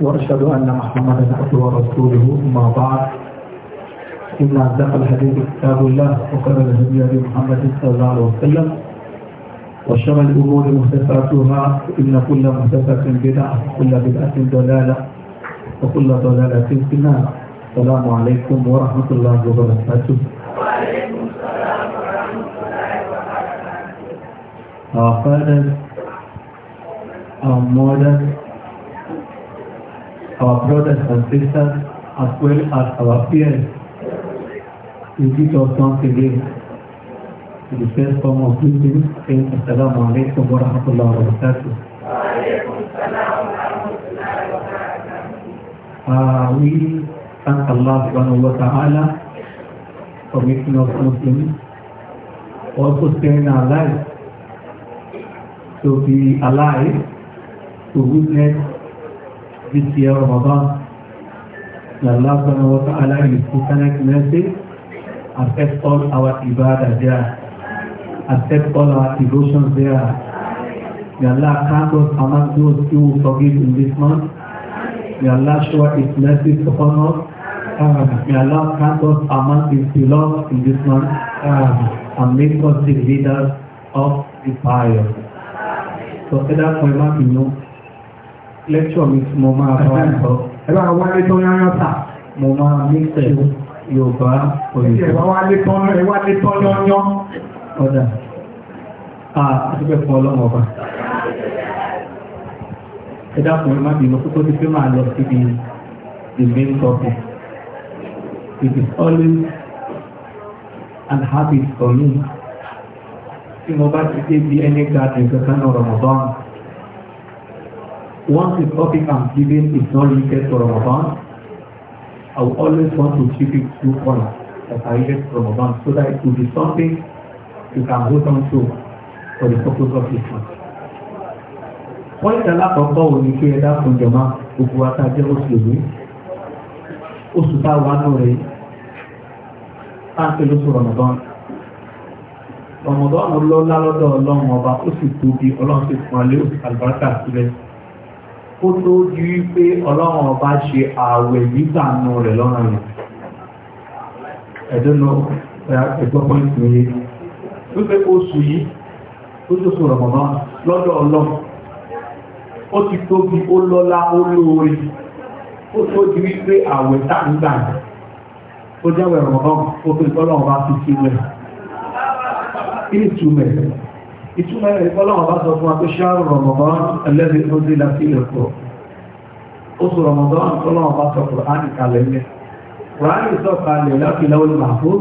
وأشهد أن محمدا عبده ورسوله أما بعد إن أصدق الحديث كتاب الله وخير الهدي هدي محمد صلى الله عليه وسلم وشر الأمور محدثاتها إن كل محدثة بدعة وكل بدعة ضلالة وكل ضلالة في النار السلام عليكم ورحمة الله وبركاته وعليكم السلام ورحمة الله وبركاته Our fathers, our mothers, our brothers and sisters, as well as our peers, to give us once again to the first form of greeting, saying Assalamu alaikum wa rahmatullahi wa barakatuh. Uh, we thank Allah subhanahu wa ta'ala for making us Muslims, also sparing our lives to be alive, to witness في يا رمضان الله سبحانه وتعالى يسكنك ناسي accept all our ibadah there accept all our devotions there may Allah count us among those who forgive in this month may Allah show his mercy upon us may Allah count us among his beloved in this month and make us the leaders of the fire so that we might lẹ́kṣọ̀ mi tí mo máa bá wọn sọ. ẹ bá wálé tó yányán tà mo máa mí tẹ̀ yorùbá òyìnbó. ẹ bá wálé tó ẹ wálé tó yányán. ọ̀dà àtúbẹ̀ fún ọlọ́mọ ọba. ẹ dákun ẹ má bínú kókó tí pé máa lọ síbi the main topic. It is always an habit for me. Tí mo bá ti dé bí ẹni gàdùn kankan náà Ramadan. Once the topic I'm giving is not related to Ramadan, I will always want to keep it to one that I get from Ramadan so that it will be something you can hold on to for the purpose of this month. Pọ́ìntì alákọ̀ọ́kọ́ wo ni kí ẹ dákun jọ̀mọ́ gbogbo wa tá a jẹ́ oṣù èwe? Oṣù tá a wà nù rẹ̀ tá a lóṣù Ramadan. Ramadan lọ́lá lọ́dọ̀ ọlọ́run ọba ó sì tóbi ọlọ́run sì fún alẹ́ oṣù àlùbáríkà sílẹ̀ kó tó di wípé ọlọ́run ọba ṣe ààwẹ̀ gbígbà nù rẹ̀ lọ́nà rẹ̀ ẹ̀dọ́nà ẹ̀gbọ́n pọ́ìntì wípé oṣù yìí tó tó sọ rọ̀mọ̀mọ́ lọ́dọ̀ ọlọ́run ó ti tóbi ó lọ́lá ó lóore ó tó di wípé ààwẹ̀ tá ń gbà ó jáwẹ̀ rọ̀mọ̀mọ́ ó fi ọlọ́run ọba fi sílẹ̀ kí ni túmẹ̀ ìtumọ̀ rẹ̀ pọ́lọ́wọ́ bá sọ fún akóṣáàrù Ramadan alladhi unzila fil Qur'an oṣù Ramadan pọ́lọ́wọ́ bá sọ Kùránì kalẹ̀ ilẹ̀ Kùránì sọ kalẹ̀ láti lawul mahfuz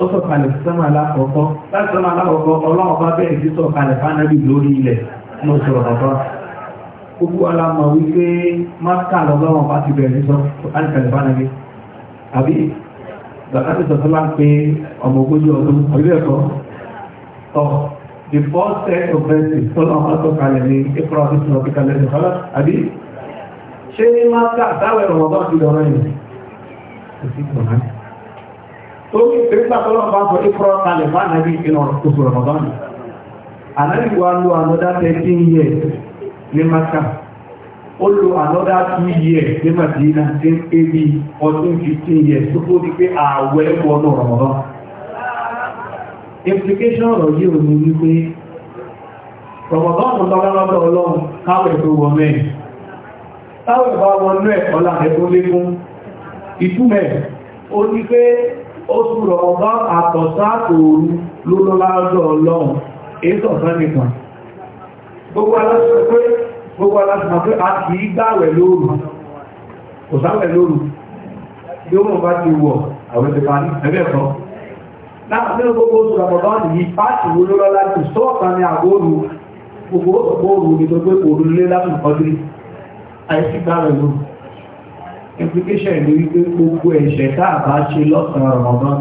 ó sọ kalẹ̀ sọ́mà alákọ̀ọ́kọ́ láti sọ́mà alákọ̀ọ́kọ́ ọlọ́wọ́ bá bẹ́ẹ̀ sí sọ kalẹ̀ fánàbí lórí ilẹ̀ ní oṣù Ramadan gbogbo alamọ̀ wípé máta lọ́wọ́ bá ti bẹ̀rẹ̀ sọ Kùránì kalẹ̀ fánàbí àbí the first set of verses tọ́lọ́ ọmọ tó kalẹ̀ ní april àti ìṣúná pé kalẹ̀ nìkọ́lá àbí ṣé ní máa ká àtàwẹ̀ rọ̀mọ́bọ́n ti lọ́rọ̀ yìí kò sí ìgbọ̀nà tó ní pépà tọ́lọ́ bá sọ april kalẹ̀ bá nàbí ìlọ oṣù rọ̀mọ́bọ́n ànábì wa lo another thirteen years ni maka ó lo another two years ni madina ní ebi ọdún fifteen years tó tó di pé ààwẹ̀ wọnú rọ̀mọ́bọ́n implication ọ̀rọ̀ yìí ò ní wípé rọ̀mọ̀bọ́nù lọ́gbọ́lọ́gbọ́ ọlọ́run káwẹ̀ tó wọ mẹ́rin káwẹ̀ bá wọn ní ẹ̀kọ́ láàrẹ̀ tó lékún ìtumẹ̀ ó ní pé oṣù rọ̀mọ̀bọ́n àtọ̀sáàtò ló lọ́lọ́gbọ́ ọlọ́run ètò sánìkan gbogbo aláṣọ pé a kì í gbàwẹ̀ lóru kò sáwẹ̀ lóru bí ó mọ̀ bá ti wọ̀ àwẹ̀ ti parí ẹgbẹ́ kan láti nínú gbogbo oṣù rọ̀mọ̀dán yìí pàtì wo ló lọ́lá jù sọ́ọ̀kan ní àgbóòrù gbogbo ògbóòrù ní gbogbo òru lé láti kọ́dírí àìsí gbára lóru implication ni wípé gbogbo ẹ̀ṣẹ̀ tá a bá ṣe lọ́sàn-án rọ̀mọ̀dán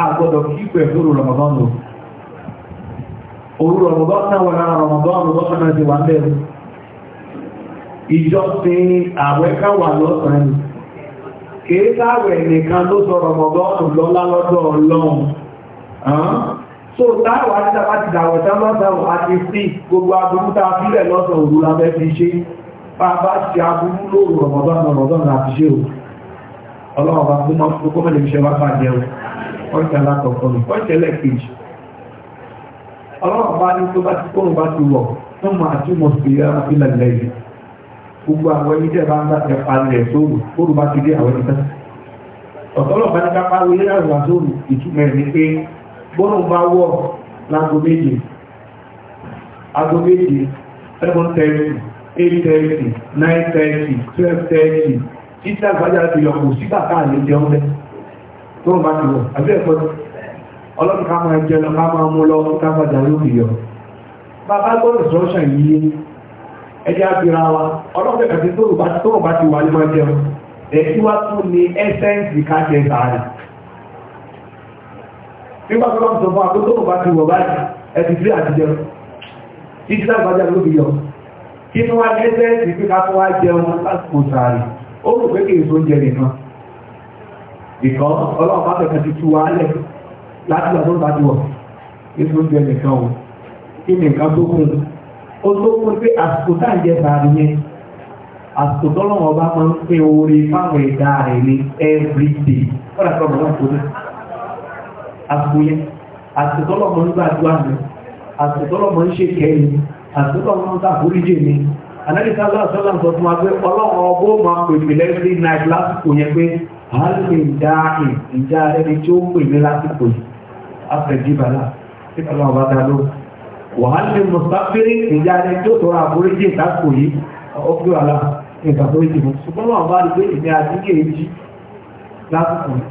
a gbọ́dọ̀ kí pẹ̀lú rọ̀mọ̀dán lò òru rọ̀mọ̀dán náà wà lára rọ̀mọ̀dán lọ́sàn náà ti wà ń bẹ̀rù ìjọsìn àwẹ̀ ká wà lọ́sàn-án kèé táwẹ̀ nìkan ló so táwà títàbá ti dàwọ̀ tábátàwọ̀ àti sí gbogbo agbóhútà fílẹ̀ lọ́sọ̀ òru lábẹ́ fi ṣe bàbá ti agbóhú lóòrù ọmọdán ọmọdán àti ṣe òru ọlọ́ọ̀bá tó mọ́ tó kọ́ mẹ́lẹ̀ iṣẹ́ wá pàdé ẹ̀ pọ́ǹtì alákọ̀ọ́kọ́ mi pọ́ǹtì ẹlẹ́ẹ̀kejì ọlọ́ọ̀bá ní tó bá ti kóhùn bá ti wọ̀ tó máa túmọ̀ sí ilẹ̀ lẹ́yìn gbogbo àwọn ẹni tẹ́ bá ń bá ẹ̀ palẹ̀ sóòrù kóòrù bá ti dé àwọn ẹni tẹ́ ọ̀tọ́lọ́ọ̀bá ní ká pariwo yẹ́rẹ́ àwọn àtòrù ìtumọ̀ bọ́nà bá wọ̀ lágo méje ago méje seven thirty eight thirty nine thirty twelve thirty títí àgbájá ti yọ kò sígbà káàlì jẹun lẹ tó ń bá ti wọ̀ àbí ẹ̀kọ́ ọlọ́run ká máa jẹ lọ ká máa mú lọ ká máa jà lórí yọ bàbá gbọ́dọ̀ sọ́ṣà yìí ẹjẹ́ àbíra wa ọlọ́pẹ́ kàtí tó bá ti wà ní máa jẹun ẹ̀kí wá tún ní ẹ́sẹ́ǹsì ká jẹ sàárì nígbà tó lọ́nà sọ fún akótó bá ti wọ̀ báyìí ẹ̀sì sí àtijọ́ títí lágbàjá ló fi yọ kí ní wá ní ẹsẹ̀ ẹ̀sì pé ká fún wá jẹun lásìkò sàárì ó rò pé kìí sóúnjẹ nìkan ìkọ́ ọlọ́run bá fẹ̀kẹ́ ti tú wa lẹ̀ láti lọ tó bá ti wọ̀ kí sóúnjẹ nìkan o kí ni nǹkan tó kún ó tó kún pé àsìkò tá à ń jẹ sàárì yẹn àsìkò tọ́lọ́run ọba máa ń pín oore fáwọn ẹ̀dá rẹ̀ ní every day ó dà àkóyẹ àtìtọ́lọ́mọ nígbà àdúrà mi àtìtọ́lọ́mọ ń ṣe kẹ́yìn àtìtọ́lọ́mọ ń sàkóríjì mi anájísá lọ́sọ́lá sọ fún wa pé ọlọ́run ọgbó máa pèsè lẹ́sìn náà lásìkò yẹn pé àálùmí ìdá ìjà ẹni tí ó pè mí lásìkò yìí afẹ́jíbalá tí ọlọ́run bá dá ló wàhálì mùsàfírí ìjà ẹni tí ó tọrọ àforíjì ìtàkù yìí ọgbó àlà ìgbà tó ṣùgbọ́n wọn bá rí pé ìgbà àdínkè yìí lásìkò yìí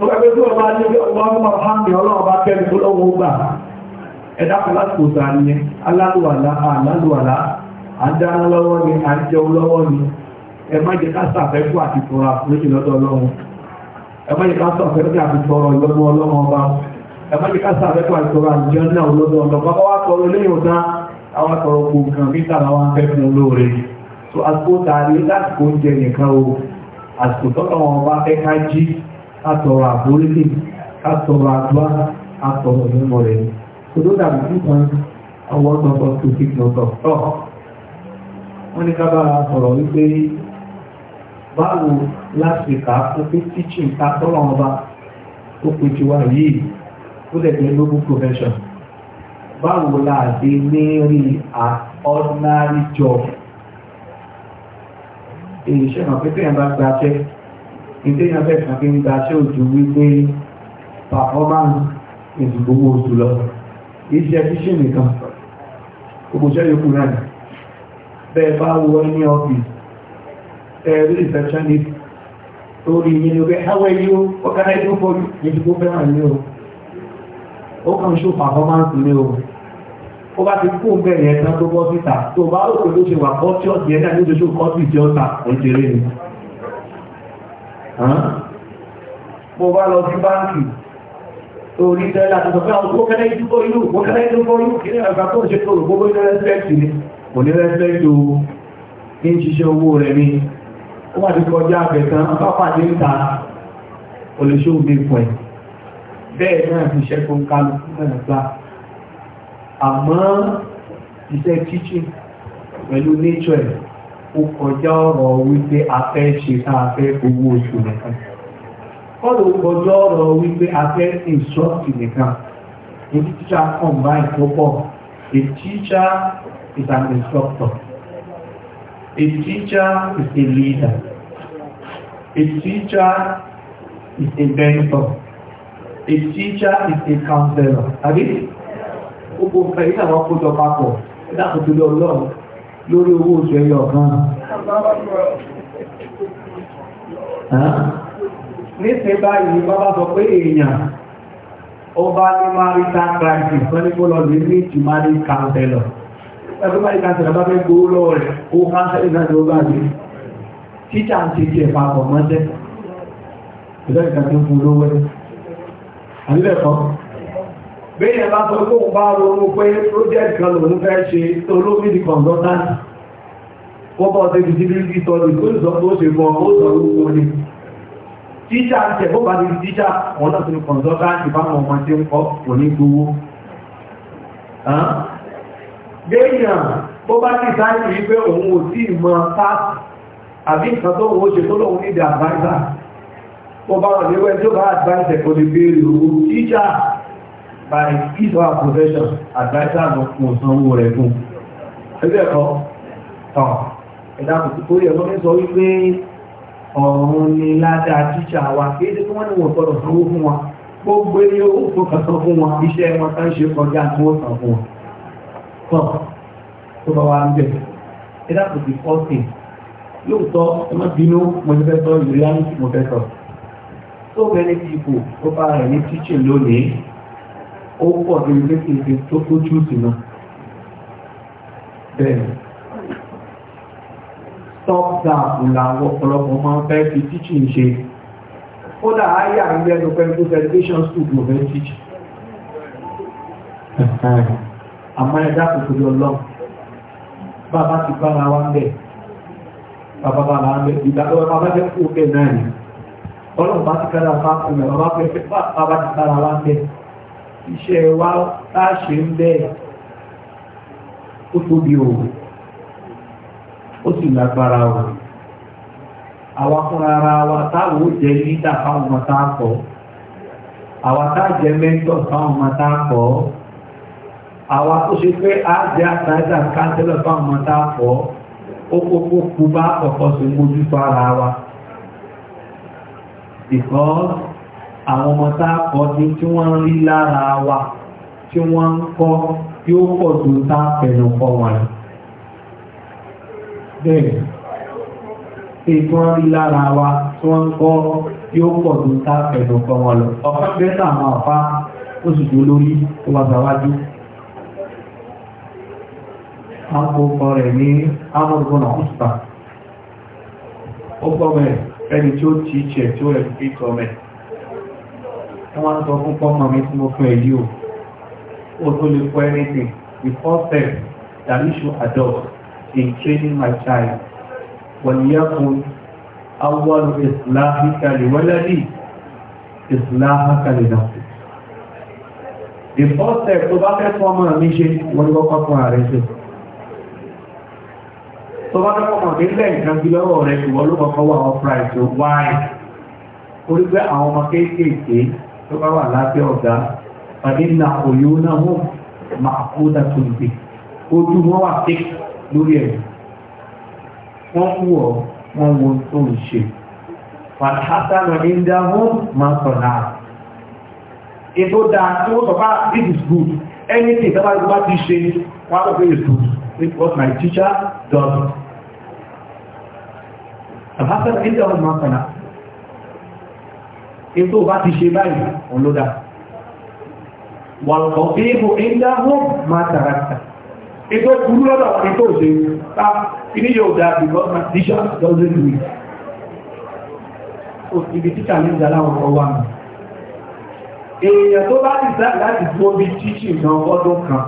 ọgbẹ́gbẹ́ tí ọba ní ọgbọ́n mọ̀hánmì ọlọ́ọ̀bá kẹ́rì tó lọ́wọ́ gbà ẹ̀dàkùn láti kò sà ní alálùwàlá alálùwàlá àdáná lọ́wọ́ ni àjẹun lọ́wọ́ ni ẹ má jẹ́ ká sàfẹ́kù àti tọrọ àforíjì lọ́dọ̀ ọlọ́run ẹ má jẹ́ ká sàfẹ́kù àti tọrọ ìlọ́nu ọlọ́run ọba ẹ má jẹ́ ká sàfẹ́kù àti tọrọ àjẹun náà so àsìkò tààrí láti kó oúnjẹ nìkan o àsìkò tọ́lọ́wọ́n ọba fẹ́ ká atọ̀rọ̀ àforíkè atọ̀rọ̀ àdúrà atọ̀rọ̀ ìmọ̀ rẹ̀ kòtò dàbí kíkan ọwọ́ tọ̀tọ̀ tó fi tọ̀tọ̀ tọ̀ wọ́n ní kábàárà sọ̀rọ̀ wípé báwo láti kà á fún pé tíṣì ń ta tọ́lọ̀ ọba ó pe ti wá yìí ó dẹ̀ jẹ́ noble profession báwo la dé ní rí an ordinary job èyí ṣe hàn pé kéèyàn bá gbaṣẹ́ ìtẹ́yìn afẹ́ kan fi ń ta ṣé òjò wípé performance ìdìbò owó oṣù lọ kìí ṣe fíṣìn nìkan gbogbo ṣẹ́ yòókù náà bẹ́ẹ̀ bá wọ ní ọ́fíìsì ẹ̀rí receptionist torí yìí ni pé how are you what can I do for you ìdìbò fẹ́ràn ní o ó kàn performance ní o ó bá ti kó bẹ́ẹ̀ yẹn tán tó bọ́ síta tó bá rò pé ló ṣe wà kọ́tíọ̀sì yẹn náà ló ṣe ṣó kọ́tíọ̀sì ọ̀tà òjèrè ni mo bá lọ sí báńkì orí tẹ́lá tó sọ pé àwọn ah, kókẹ́lẹ́ ìdúkọ inú kókẹ́lẹ́ ìdúkọ inú kí ní àgbà tó ń ṣe tó rò gbogbo inú rẹ́spẹ́kì ni kò ní rẹ́spẹ́kì o ní ṣiṣẹ́ owó rẹ̀ ni ó wà ní kọjá àbẹ̀tán pápáde ń ta olùṣòwò mi fún ẹ̀ bẹ́ẹ̀ náà ti ṣe tó ń kálu náà gbà àmọ́ iṣẹ́ teaching pẹ̀lú nature ó kọjá ọ̀rọ̀ wípé a fẹ́ ṣe tá a fẹ́ owó oṣù nìkan kọ́dọ̀ ó kọjá ọ̀rọ̀ wípé a fẹ́ instructi nìkan a teacher combine tó pọ̀ a teacher is an instructor a teacher is a leader a teacher is a mentor a teacher is a counselor àbí gbogbo nǹkan yìí làwọn kó jọ papọ̀ nígbà tó ti lọ lọ́rùn lórí owó oṣù ẹyọ kan níṣẹ́ báyìí bábá sọ pé èèyàn ó ní marital crisis wọ́n ní kó lọ lè ní ti marital counselor ẹgbẹ́ marital counselor bá fẹ́ gbowó lọ́wọ́ rẹ̀ ó counselor náà ni ó bá títà ń ṣe tiẹ̀ papọ̀ mọ́ṣẹ́ ìjọba ìkàtí fún lówó ẹ̀ àbíbẹ̀ kan bẹ́yẹ̀ bá sọ pé òun bá ronú pé project kan lòun fẹ́ ṣe olómi di consultant kọ́bọ̀ ọ̀sẹ̀ ti sílé ní ìtọ́lù tó ìsọ tó ṣe fọ́ ó sọ orúkọ ni tíṣà ń tẹ̀bọ́ bá ti tíṣà wọn náà tún consultant bá wọn ọmọ tí ń kọ́ kò ní gbowó bẹ́yàn bó bá ti sáyẹ̀ tí ó bá wọn léwẹ́ lè béèrè owó tíṣà by his or her profession advisor mo san owó rẹ̀ fún ẹgbẹ́ ẹ̀kọ́ tàn ẹ̀dá kòtò torí ẹ̀kọ́ ní sọ wípé ọ̀run ni ládàá tíṣà wa kìí ṣe kí wọ́n ní wọ́n gbọ́dọ̀ sanwó fún wa gbogbo ní owó tó kàn san fún wọn iṣẹ́ wọn kan ṣe kọjá tí wọ́n san fún wọn tàn tó bá wa ń bẹ̀ ẹ̀dá kòtò fọ́ọ̀tì lóòótọ́ ẹ má bínú mo fẹ́ sọ ìrírí mo fẹ́ sọ tó bẹ́ẹ̀ ní pípò bá rẹ̀ ní tíṣìn lónìí ó pọ̀ ní ilé kìí tó tó jù sí náà bẹ́ẹ̀ stop that làwọn ọ̀pọ̀lọpọ̀ máa ń fẹ́ fi teaching ṣe kódà ayé àgbẹ̀ ẹnu pẹ̀lú tó education school ló fẹ́ teach àmọ́ ẹ̀dá kòkò lọ lọ bàbá ti bára wá ń bẹ̀ bàbá bàbá ń bẹ̀ ìgbàlọ́wọ́ bàbá jẹ́ kó bẹ̀ náà ni ọlọ́run bá ti kára fáfún ẹ̀ bàbá ti bára wá ń bẹ̀ iṣẹ́ wa bá ṣe ń bẹ́ẹ̀ ó tóbi o ó sì lágbára o àwa fúnra ara wa táwọn ó jẹ níta fáwọn ọmọ tá a kọ́ àwa tá a jẹ mẹ́ńtọ̀ fáwọn ọmọ tá a kọ́ àwa tó ṣe pé a jẹ àtàjà káńtẹ́lẹ̀ fáwọn ọmọ tá a kọ́ ó kókó kú bá ọ̀pọ̀ sí mójútó ara wa because àwọn ọmọ tá a kọ́ sí tí wọ́n rí lára wa tí wọ́n ń kọ́ yóò pọ̀ tó tá a fẹ̀nù kọ́ wọn. bẹ́ẹ̀ ètò wọn rí lára wa tí wọ́n ń kọ́ yóò pọ̀ tó tá a fẹ̀nù kọ́ wọn lọ. ọ̀kan bẹ́ẹ̀ tà máa fa oṣù tó lórí tó wà sáwájú. a kò kọ rẹ̀ ní amúgbónà ọ̀sán. ó gbọ́ mẹ́rin ẹni tí ó ti jẹ tí ó rẹ̀ fi kọ́ mẹ́rin wọ́n wá sọ fún pọ́mọ mi tí mo fún ẹ yìí o o tó lè kọ́ anything before first that we should adult in training my child wàlíyàkùn awọ́n ìsìláhìkà lè wọ́lẹ́dì ìsìláhìkà lè nà. the first step tó bá fẹ́ fún ọmọ mi ṣe wọ́n ní kọ́kọ́ fún ààrẹ ṣe. tó bá dọ́kọ̀ mọ̀ nílẹ̀ nǹkan bí lọ́wọ́ rẹ̀ ìwọ ló kọ́kọ́ wà ọ́ price why? orí pé àwọn ọmọ kéékèèké tó bá wà lábẹ́ ọ̀gá na òyìn náà wọ́n máa kó dàtò ìgbè ojú wọn wà pé lórí ẹ̀ wọ́n wù ọ́ wọ́n wo tó ń ṣe fàtàkàtà ìdá wọ́n máa sọ̀ náà ètò dáa tí wọ́n sọ fà ah, this is good anything tí wọ́n bá ti ṣe wọ́n sọ pé it's good It was my teacher does. àbáṣẹ́ ìdá wọ́n máa sọ̀ náà ètò bá ti ṣe báyìí òun ló dá wàlùkọ̀ fíìmù ìdáhù máa tàràtà ètò burú lọ́dọ̀ wọn ètò òṣè ta ilé yóò dá because my teacher doesn't do it so ibi títà ní ìdálá wọn wà mí èèyàn tó bá ti sáà láti tó bí tíṣì náà ọdún kan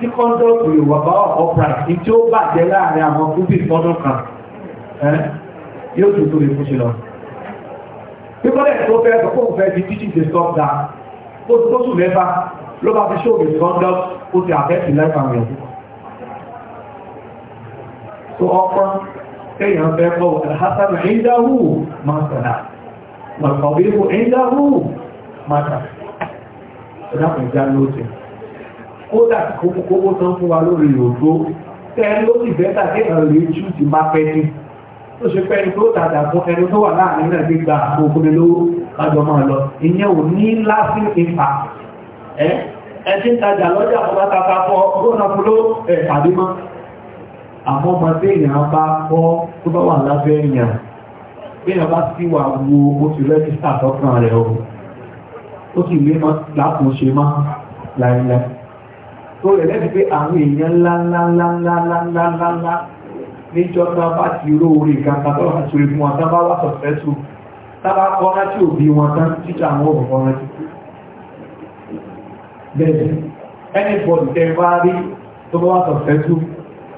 tí kọ́ńdọ̀tù yóò wà bá ọ̀pọ̀práì tí ó bàjẹ́ láàrin àwọn fúbí ọdún kan yóò tó tó lè fún ṣe lọ pípọ́lẹ̀ tó fẹ́ sọ fóun fẹ́ fi teaching the stuff down ó ti tó sùn mẹ́fà ló bá fi show the conduct ó ti affect life and health. tó ọ̀pọ̀ kéèyàn fẹ́ kọ́ alhassan ẹ̀ńdáhù máa sọ̀dá mọ̀kànbíhù ẹ̀ńdáhù máa sọ̀dá ọ̀dàpọ̀ ìjà lóòtù kódà kókó tán fún wa lórí òdó tẹ́ ló sì bẹ́tà kéèyàn rí jù ti marketing tó ṣe pé ẹni tó tàdà fún ẹni tó wà láàrin náà gbígba òkúni lówó lájọ máa lọ ìyẹn ò ní láti ipa ẹ ẹ ti ń tajà lọ́jà fún bàtàkà fọ gómìnà fún ló ẹ tàbí mọ́ àmọ́ ọmọ tí èèyàn bá kọ́ tó bá wà lábẹ́ èèyàn bí èèyàn bá sí wà wo oṣù rẹ́gísítà tọ́kàn rẹ̀ o ó sì lé mọ́ lákòóṣe mọ́ láìláì tó rẹ̀ lẹ́bi pé àwọn èèyàn ńlá níjọ́ tó bá ti ró orí ìkàkà tó wà sórí fún wọn tán bá wà sọ̀fẹ́ tó tábà kọ́ná tí òbí wọn tán títà wọn ò kọ́ná tí bẹ́ẹ̀ ẹni bọ̀dù tẹ bá rí tó bá wà sọ̀fẹ́ tó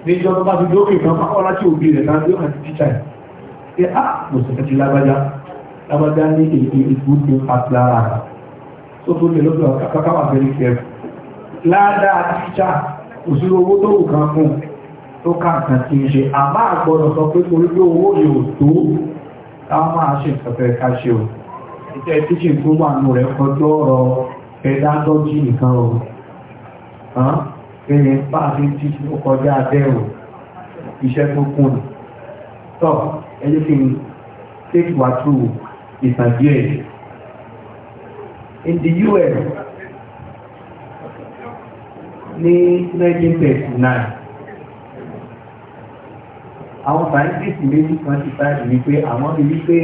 níjọ́ tó bá ti dókè kan bá kọ́ná tí òbí rẹ̀ tán tí ó hàn títà ẹ̀ pé á ah, mo sì fẹ́ ti lágbájá lágbájá ní tó ká nǹkan ń ṣe àmá àgbọ̀dọ̀ sọ pé torí pé owó yóò tó táwọn máa ìfẹ́fẹ́ ká ṣe o iṣẹ́ tíṣìn tó wà nù rẹ̀ kọjú ọ̀rọ̀ pẹ́dágọ́jì nìkan o ẹ̀yìn bá ti ti ó kọjá abẹ́rù iṣẹ́ tó kù nù tọ́ ẹni kí take wa through ìtàn díẹ̀ in the US ní 1939 àwọn sàyẹ́ntìsì méjì kan ti sáyẹ̀ wípé àwọn ti wípé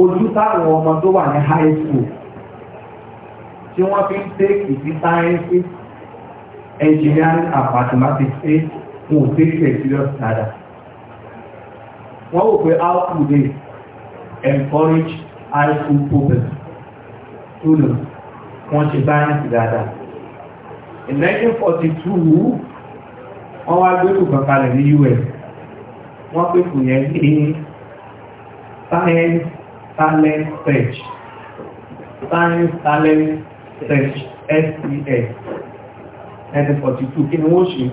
ojú táwọn ọmọ tó wà ní high school tí wọ́n fi ń tẹ́kì sí sáyẹ́nsì engineering and mathematics ṣe wọn ò tẹ́kì rẹ̀ serious nada wọ́n wò pé how to dey encourage high school pupils to know wọ́n ṣe sáyẹ́nsì dáadáa in 1942 wọ́n wá gbẹ́kù kankalẹ̀ ní us wọ́n pẹ́kù yẹn ní science talent search science talent search STS ẹni 42 kí ni wọ́n ṣe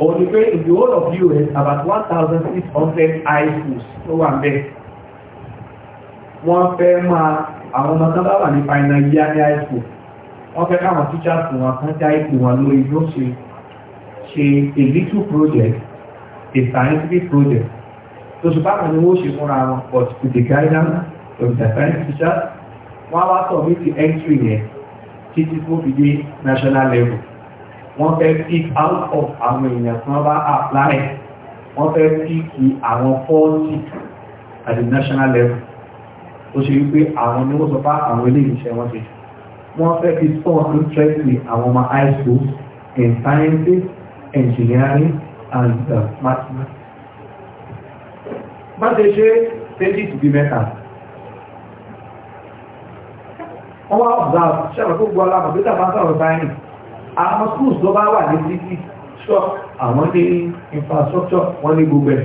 òun ni pé in the whole of us about 1600 high schools tó wà bẹ́ẹ̀ wọ́n fẹ́ máa àwọn ọmọ tán bá wà ní final year ní high school wọ́n fẹ́ káwọn teachers wọn kan já ipò wọn lórí yóò ṣe ṣe a little project a scientific project tó ṣùgbọ́n àwọn ni wọ́n ṣe fúnra wọn but with the guidance of the science teacher wọ́n wá sọ mí ti entry yẹn títí tó fi dé national level wọ́n fẹ́ pick out of àwọn èèyàn tí wọ́n bá apply wọ́n fẹ́ pick àwọn forty at the national level ó ṣe wípé àwọn ni wọ́n sọ bá àwọn ilé ìṣẹ́ wọn ṣe wọ́n fẹ́ fi sport interest ní àwọn ọmọ high school in sciences engineering and uh, mathematics. bá ṣe ṣe pages bíi mẹ́ta wọ́n wá observe ṣẹ́fẹ̀ tó gbọ́ aláàmọ̀ pé tàbá sọ̀rọ̀ báyìí àwọn schools tó bá wà ní títí shop àwọn ní infrastructure wọ́n ní gbogbo ẹ̀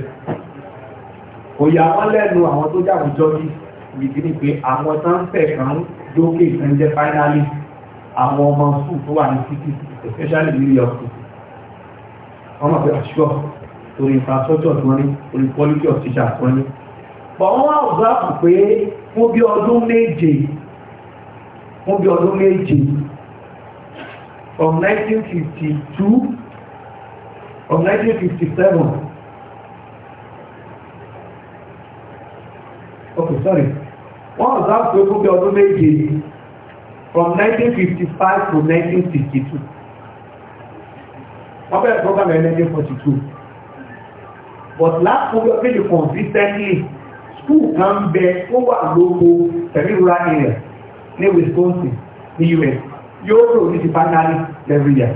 òyà wọn lẹ́nu àwọn tó jáwé jọ́bí yìí ni pé àwọn tán fẹ̀ kan lókè ìsẹ́ńjẹ́ finally àwọn ọmọ school tó wà ní títí especially new york city wọ́n máa fi àṣọ orí infrastructure tí wọ́n orí quality of teacher tí wọ́n ní. bọ̀ wọ́n wá ọ̀gá kù pé fún bí ọdún méje fún bí ọdún méje from 1952 from 1957 okay sorry wọ́n ọ̀gá kù pé fún bí ọdún méje from 1955 to 1962 wọ́n bẹ̀rẹ̀ program ẹ̀ lẹ́yìn forty two but last four years really consistently school kan bẹ ó wà lóko pẹ̀lú rural area ní Wisconsin ní US yóò rò ní ti finally every year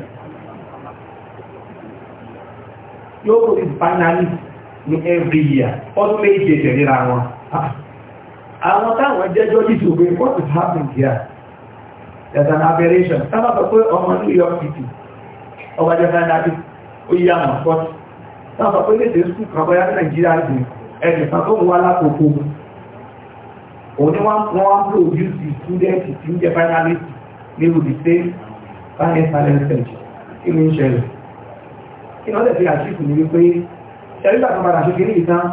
yóò rò ní ti finally ní every year ọdún méje tẹ̀léra wọn àwọn táwọn jẹ́jọ́ yìí tó gbé what is happening here there's an aberration sábà sọ pé ọmọ New York City ọba jẹ́ fẹ́ dábí ó yí àmà fọ́tí náà sọ pé léde skul kan bọ́yá ní nàìjíríà jù ẹnìkan tó ń wá lákòókò òun ni wọ́n wọ́n produce student tí ń jẹ́ finalist ní olùdíje science talent center kí ló ń ṣẹlẹ̀ kí ló lè fi àṣìkò ní wípé ṣẹlẹ́gbà tó padà ṣe kéré ìtàn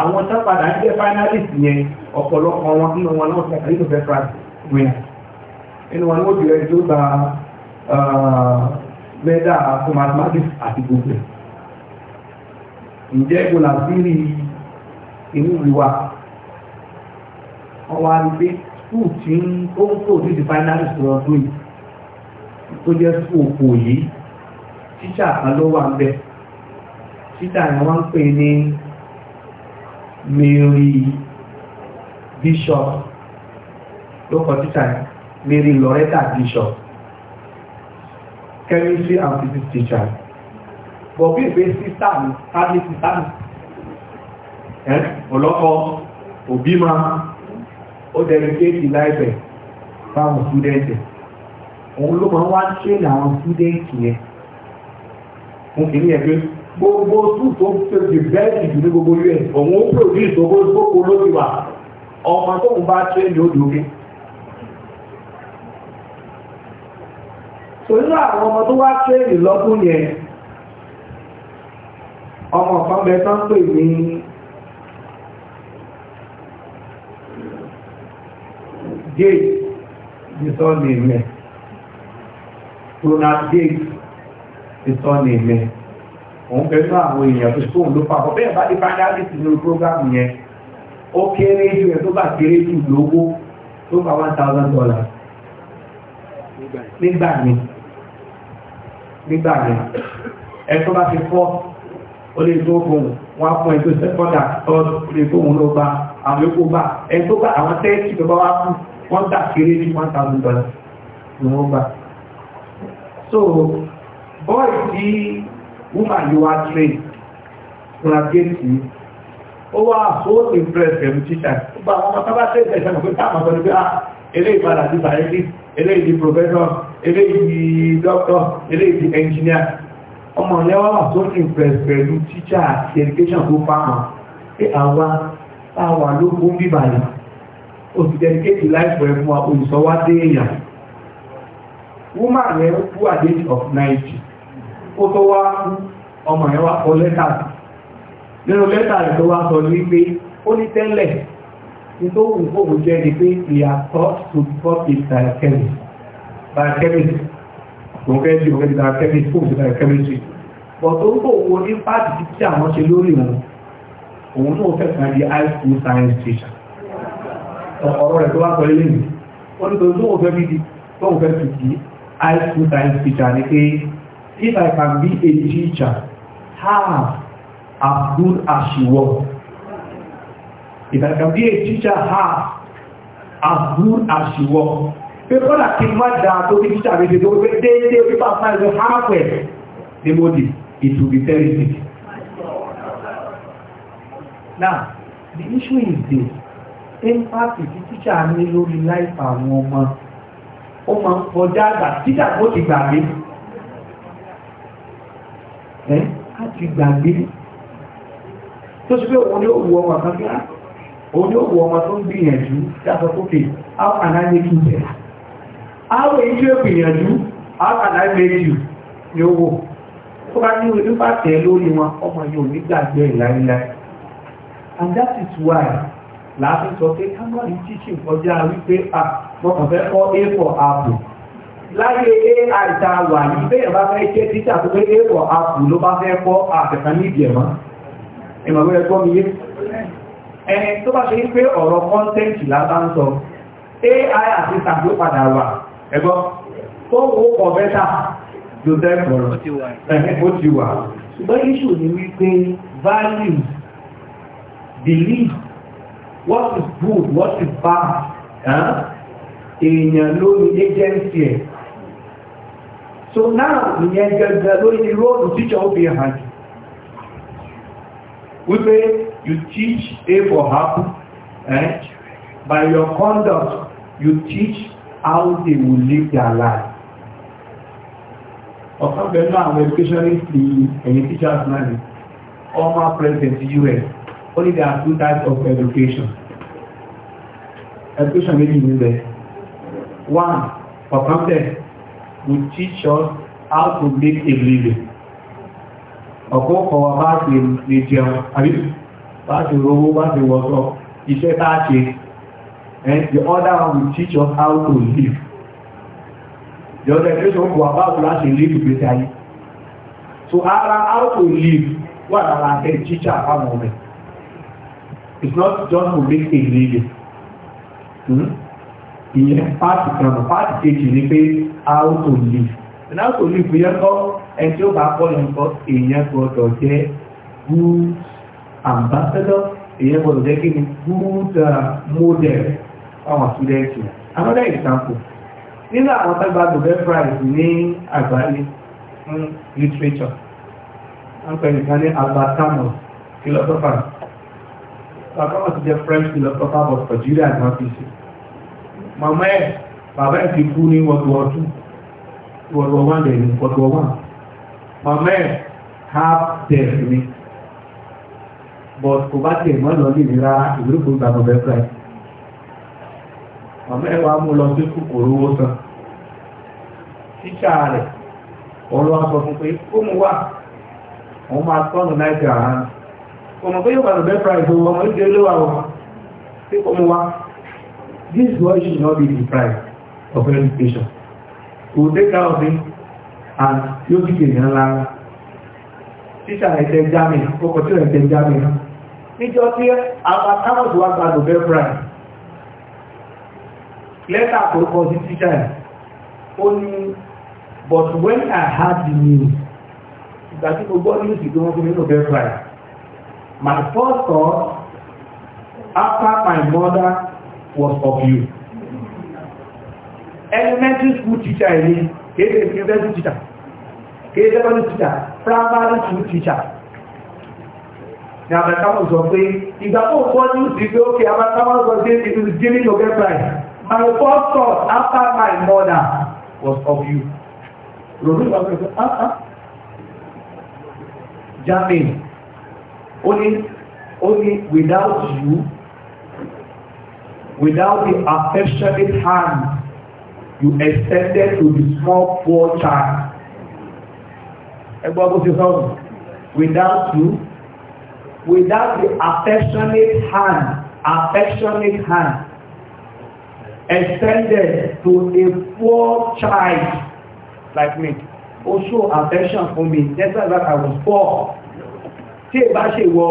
àwọn tó padà ń jẹ́ finalist yẹn ọ̀pọ̀lọpọ̀ wọn nínú wọn náà ṣẹ̀kà nínú fẹ́ france wíńà nínú wọn ni bẹ́ẹ̀dá fún mathematics àti gbogbo ǹjẹ́ kò là sí rí inú ìwà ọwọ́ àgbé skul tí ó ń kó ní final school ọdún yìí tó jẹ́ skul òkò yìí tíṣà kan ló wà ń bẹ tíṣà yẹn wọ́n ń pè ní Mary Bishop ló tíṣà Mary Loretta Bishop chemistry and physics teacher but bí ìpè sísá mi tàbí sísá mi ẹ́ ọlọ́kọ òbí ma ó dedicate life ẹ̀ fáwọn student ẹ̀ òun ló máa ń wá train àwọn student yẹn fún kìíní ẹ̀ pé gbogbo school tó ṣe the jù ní gbogbo us òun ó produce owó gbogbo ló ti wà ọmọ tóun bá train ní ó nínú àwọn ọmọ tó wá tréèdì lọ́dún yẹn ọmọ kan bẹ tán pè ní Jade ìsọ́nì mẹ́ Ronald Jade ìsọ́nì mẹ́ òun pẹ̀lú àwọn èèyàn tó fóun ló papọ̀ bẹ́ẹ̀ bá di finalist nínú program yẹn ó kéré jù ẹ̀ tó bá kéré jù lówó tó bá one thousand dollars nígbà yẹn nígbà yẹn ẹ̀tọ́ bá ti fọ́ ó lè tó fún wọn fún ẹgbẹ́ sẹ́kọ́dà tọ́ọ̀dù ó lè tó wọn ló bá àwọn yòókù bá ẹ̀tọ́ bá àwọn tẹ́ẹ̀kì tó bá wá kú wọ́n tà kéré ní one dollars so boy tí woman yóò wá train fúnra géètì ó wá so impress pẹ̀lú títà ó bá àwọn ọmọ tábà tẹ́ẹ̀kì ẹ̀sán kò pé ní pé ah eléyìí ti bàyẹ́ sí eléyìí di professor Ele dọ́kítọ̀ ọmọ ìyẹn wà tó impress pẹ̀lú teacher àti education tó fáwọn pé àwa táwa ló kún o ti dedicate life rẹ̀ fún wa olùsọ́wá dé èèyàn woman rẹ̀ kú at age of 90 ó tó wá kú ọmọ yẹn wá kọ lẹ́tà nínú lẹ́tà rẹ̀ tó wá sọ ní pé ó ní tẹ́lẹ̀ to biochemist òun fẹ́ di òun biochemist fún òun but ó ń bò wo ní pàtì tí àwọn ṣe lórí wọn òun náà fẹ́ kàn high school science teacher ọ̀rọ̀ rẹ̀ tó wá sọ ilé mi ó ní tòun tó wọ́n fẹ́ bíi tó high school science teacher ni pé if I can be a teacher half as good as she was if I can be a teacher half as good as she was pé kọ́lá kí má dáa tó bí títà méjì tó pé déédéé pípa fáìlì hapẹ̀ ní mo dì ìtùbí tẹ́rìsì now the issue is this impact tí títà ní lórí láìpẹ́ àwọn ọmọ ó máa ń kọjá àgbà títà ó ti gbàgbé ẹ́ á ti gbàgbé tó ṣe pé òun ni ó wu ọmọ kan bí á òun ni ó wu ọmọ tó ń gbìyànjú dáṣọ tó kè á kàn á yé kí n àwọn èyí tí ó gbìyànjú àkàdá ni ó wò tó bá ní orí bá tẹ̀ lórí wọn ọmọ yóò ní gbàgbé and that is why láti sọ pé kámọ́rì tíṣì kọjá wípé àpọ̀kànfẹ́ kọ́ a for apple láyé ai ta wà ní bẹ́ẹ̀ bá fẹ́ jẹ́ títà tó pé a for apple ló bá fẹ́ kọ́ ní ìmọ̀wé ẹgbọ́ mi yé ẹni tó bá ṣe ọ̀rọ̀ ai àti tàbí ẹgbọ́ tó wó kọ̀ bẹ́ta ló dẹ́kọ̀ọ́rọ̀ ó ti wà ṣùgbọ́n iṣù ni wípé values belief what is good what is bad èèyàn ló ní agency ẹ̀ so now ìyẹn gẹ́gẹ́ lórí ní róòlù teacher ó fi hàn jù wípé you teach A for apple eh? by your conduct you teach how they will live their life. ọ̀kan pẹ̀lú àwọn educationist ní ẹ̀yìn teachers náà ni former president US only there are two types of education education méjì níbẹ̀ one ọ̀kan tẹ̀ will teach us how to make a living ọ̀kan kọ́ wa bá ti lè jẹun àbí bá ti rówó bá ti wọṣọ iṣẹ́ tá a ṣe And eh, the other one will teach us how to live. The other person will about to actually live better. So how to live, what are our teacher about moment? It's not just to make a living. Hmm? ìyẹn pàtì kan nù pàtì kejì ní pé how to live and how to live yẹn kọ́ ẹni tí ó bá kọ́ yẹn kọ́ èèyàn gbọ́dọ̀ jẹ́ good ambassador èèyàn gbọ́dọ̀ jẹ́ kí ni good uh, model àwọn students another example nínú àwọn tágbà Nobel Prize ní àgbáyé fún literature wọ́n pẹ̀ nìkan ní Albert Camus philosopher bàbá ti jẹ́ French philosopher but Nigeria ni wọ́n fi ṣe màmá ẹ̀ bàbá ẹ̀ ti kú ní World War half death ni but kò bá tiẹ̀ mọ́ lọ nílùú rárá ìlú kò gbà Nobel Prize àmọ́ ẹwà mú lọ sí kòkòrò owó san tíṣà rẹ̀ wọ́n lọ́wọ́ sọ fún pé ó mú wà wọ́n máa tọ́nù náírà hàn ọmọ pé yóò bá lọ́bẹ̀ price owó ọmọ ìdílé lówà wọn pé ó mú wà this boy should not be the price of education we will take care of him and yóò fi kéde ńlá tíṣà rẹ̀ tẹ jámì ọkọ̀ tí rẹ̀ tẹ jámì níjọ́ tí àwọn akáwọ̀tò wa gba lọ́bẹ̀ price lẹ́tà tó kọ sí tíṣà ẹ̀ ó ní but when I had the news ìgbà tí mo gbọ́ news tó wọ́n fún mi nínú bẹ́ẹ̀ fàyà my first thought after my mother was of you elementary school teacher ẹ̀ ní kéde university teacher kéde secondary teacher primary school teacher ni àbẹ̀kámọ̀ sọ pé ìgbà tó kọ́ news pé ó kí àbẹ̀kámọ̀ sọ pé it is giving to get price My first thought after my mother was of you. Ròdúrà wà pẹ̀lú áá. Germany, ó ní ó without you, without the affectionate hand you extended to the small poor child. Ẹgbọ́n bó ti sọ́run. Without you, without the affectionate hand, affectionate hand extended to a poor child like me ó show affection for me that's why that I was poor tí ẹ bá ṣe wọ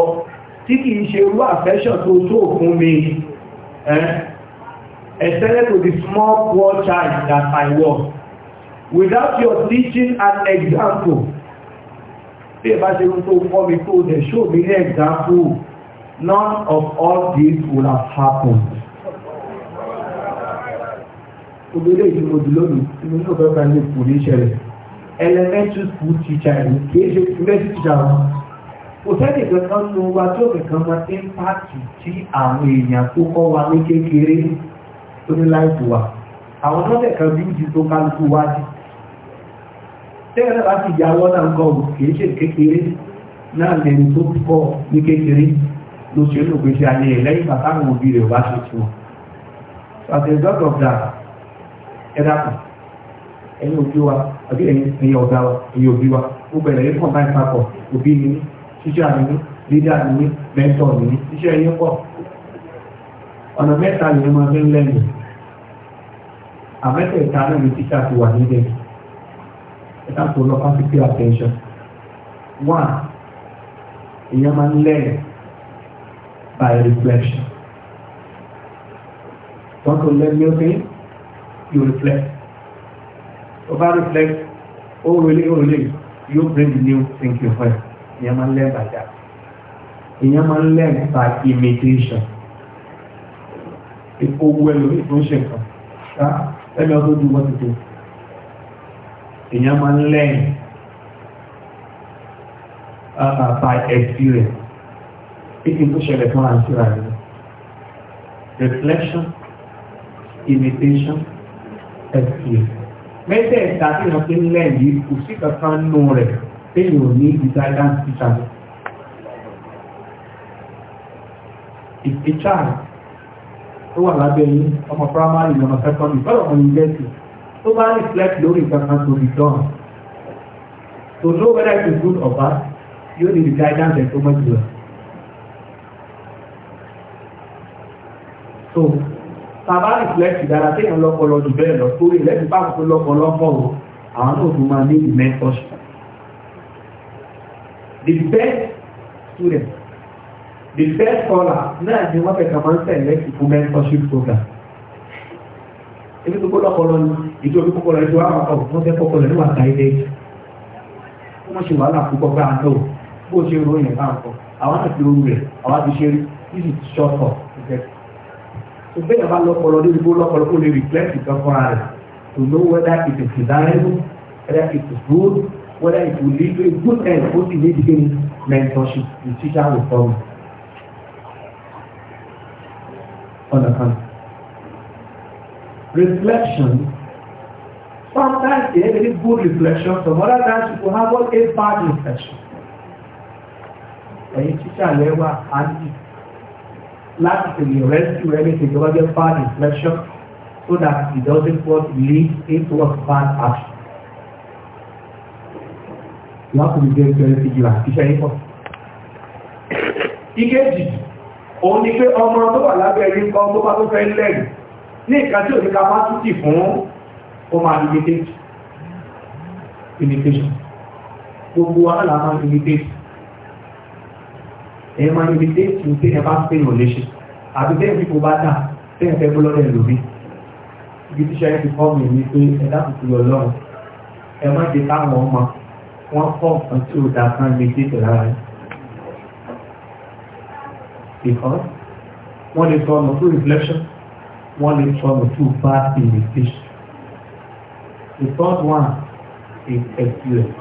tí kìí ṣe irú affection tó tó fún mi eh, extended to the small poor child that I was without your teaching and example tí ẹ bá ṣe irú tó fọ́ mi tó dẹ̀ show me ní example none of all this would have happened obìnrin èyí mo dùn lónìí inú yóò fẹ́ fẹ́ lè kù ní ìṣẹ̀lẹ̀ elementary school teacher ni kì í ṣe university teacher wọn kò sẹ́ni kankan nu wa tó kankan mọ impact tí àwọn èèyàn tó kọ́ wa ní kékeré tó ní láìpù wa àwọn lọ́dẹ̀ kan bí ìdí tó kálukú wá sí tẹ́lẹ̀ náà láti yà wọ́n náà gan òun kì í ṣe kékeré náà lẹ́nu tó kọ́ ní kékeré ló ṣe ayé ẹ̀ lẹ́yìn bàtà àwọn òbí rẹ̀ wá ṣe tiwọn. as a result of that ẹ̀dá kan ẹ̀yin òbí wa àbí ẹ̀yin ẹ̀yin ọ̀gá wa ẹ̀yin òbí wa gbogbo ẹ̀rẹ̀ yìí kàn báyìí papọ̀ òbí mi ní ṣíṣẹ́ mi ní lídà mi ní mẹ́tọ̀ mi ní ṣíṣẹ́ yín pọ̀ ọ̀nà mẹ́ta yìí máa fi ń lẹ́nu àmẹ́tẹ̀ẹ̀ta náà ni tíṣà ti wà nílẹ̀ ẹ̀dá tó lọ fásitì pay attention one èèyàn máa ń lẹ́yìn by reflection. Don't condemn me, okay? you reflect. Over reflect, oh really, oh really, you bring the new thinking for you. Ìyẹn máa ń learn by that. Ìyẹn máa ń learn by imitation. Owó ẹlòmíì tó ń ṣe nǹkan. Ẹni ọdún ju wọ́n ti tó. Ìyẹn máa ń learn uh, uh by experience. Ìkìn tó ṣẹlẹ̀ fún àǹtí rà rẹ̀. Reflection, imitation, ẹ̀sìn mẹ́tẹ̀ẹ̀ta tí wọ́n ti ń lẹ̀ yìí kò sí kankan nù rẹ̀ téèyàn ò ní guidance teacher ìpèchà tó wà lábẹ́ yín ọmọ primary ọmọ secondary bọ́dọ̀ ọmọ yunifásitì tó bá reflect lórí kankan tó rí dán to know whether it is good or bad you need the guidance and so much well. so tàbá rìflẹ́tì dára tí èèyàn lọ́pọlọ jù bẹ́ẹ̀ lọ torí lẹ́bi báwọn tó lọ́pọlọpọ̀ o àwọn náà tó máa ní mentorship the best student the best scholar náà ni wọ́n fẹ̀ka máa ń tẹ̀lé fún mentorship program ebi tó lọ́pọlọ ni ìjọ bí kọ́kọ́ lọ ìjọ àwọn ọkọ̀ wọ́n fẹ́ kọ́kọ́ lọ níwàá táyé lẹ́yìn wọ́n ṣe wàhálà púpọ̀ bá àtọ̀ bó ṣe ròyìn bá àkọ́ àwọn àti oru rẹ̀ àwọn àti ṣe rí kò bẹ́ẹ̀ yàrá lọ́pọ̀lọ́ débi bó lọ́pọ̀lọ́ kó lè reflect ìkan fúnra rẹ̀ to know whether it is desirable whether it is good whether it will lead to a good end ó sì ní ìdíkẹ́ ní mentorship the teacher will come. ọ̀nà kan reflection sometimes they have very good reflection some other times you go have one a bad reflection. ẹ̀yin teacher lẹ́wà á ní láti tèlè rescue anything tó bá jẹ́ bad reflection so that it doesn't want lead into a bad action. láti lè jẹ́ ìṣẹ́ ìṣẹ́ ìlà iṣẹ́ yín pọ̀. ìkejì òun ni pé ọmọ tó wà lábẹ́ ẹ̀rí ń kọ́ tó bá tó fẹ́ lẹ́rìí ní ìka tí òní capacity fún ó máa limitate limitation gbogbo wa náà máa limitate ẹ máa níbi tí ètò tí ẹ bá pèèyàn léṣe àbí bẹ́ẹ̀ bí kò bá dà tẹ́ ẹ fẹ́ bọ́lọ́dẹ̀ lórí ibi tí ṣe ti fọ́ọ̀mù yìí pé ẹ dákùtù ọlọ́run ẹ má ti táwọn ọmọ wọn fọ́ nǹkan tí ò dáa kan lè tètè lára rẹ̀ ìkọ́ wọ́n lè sọ ọ̀nà through reflection wọ́n lè sọ ọ̀nà through bad imitation the third one is experience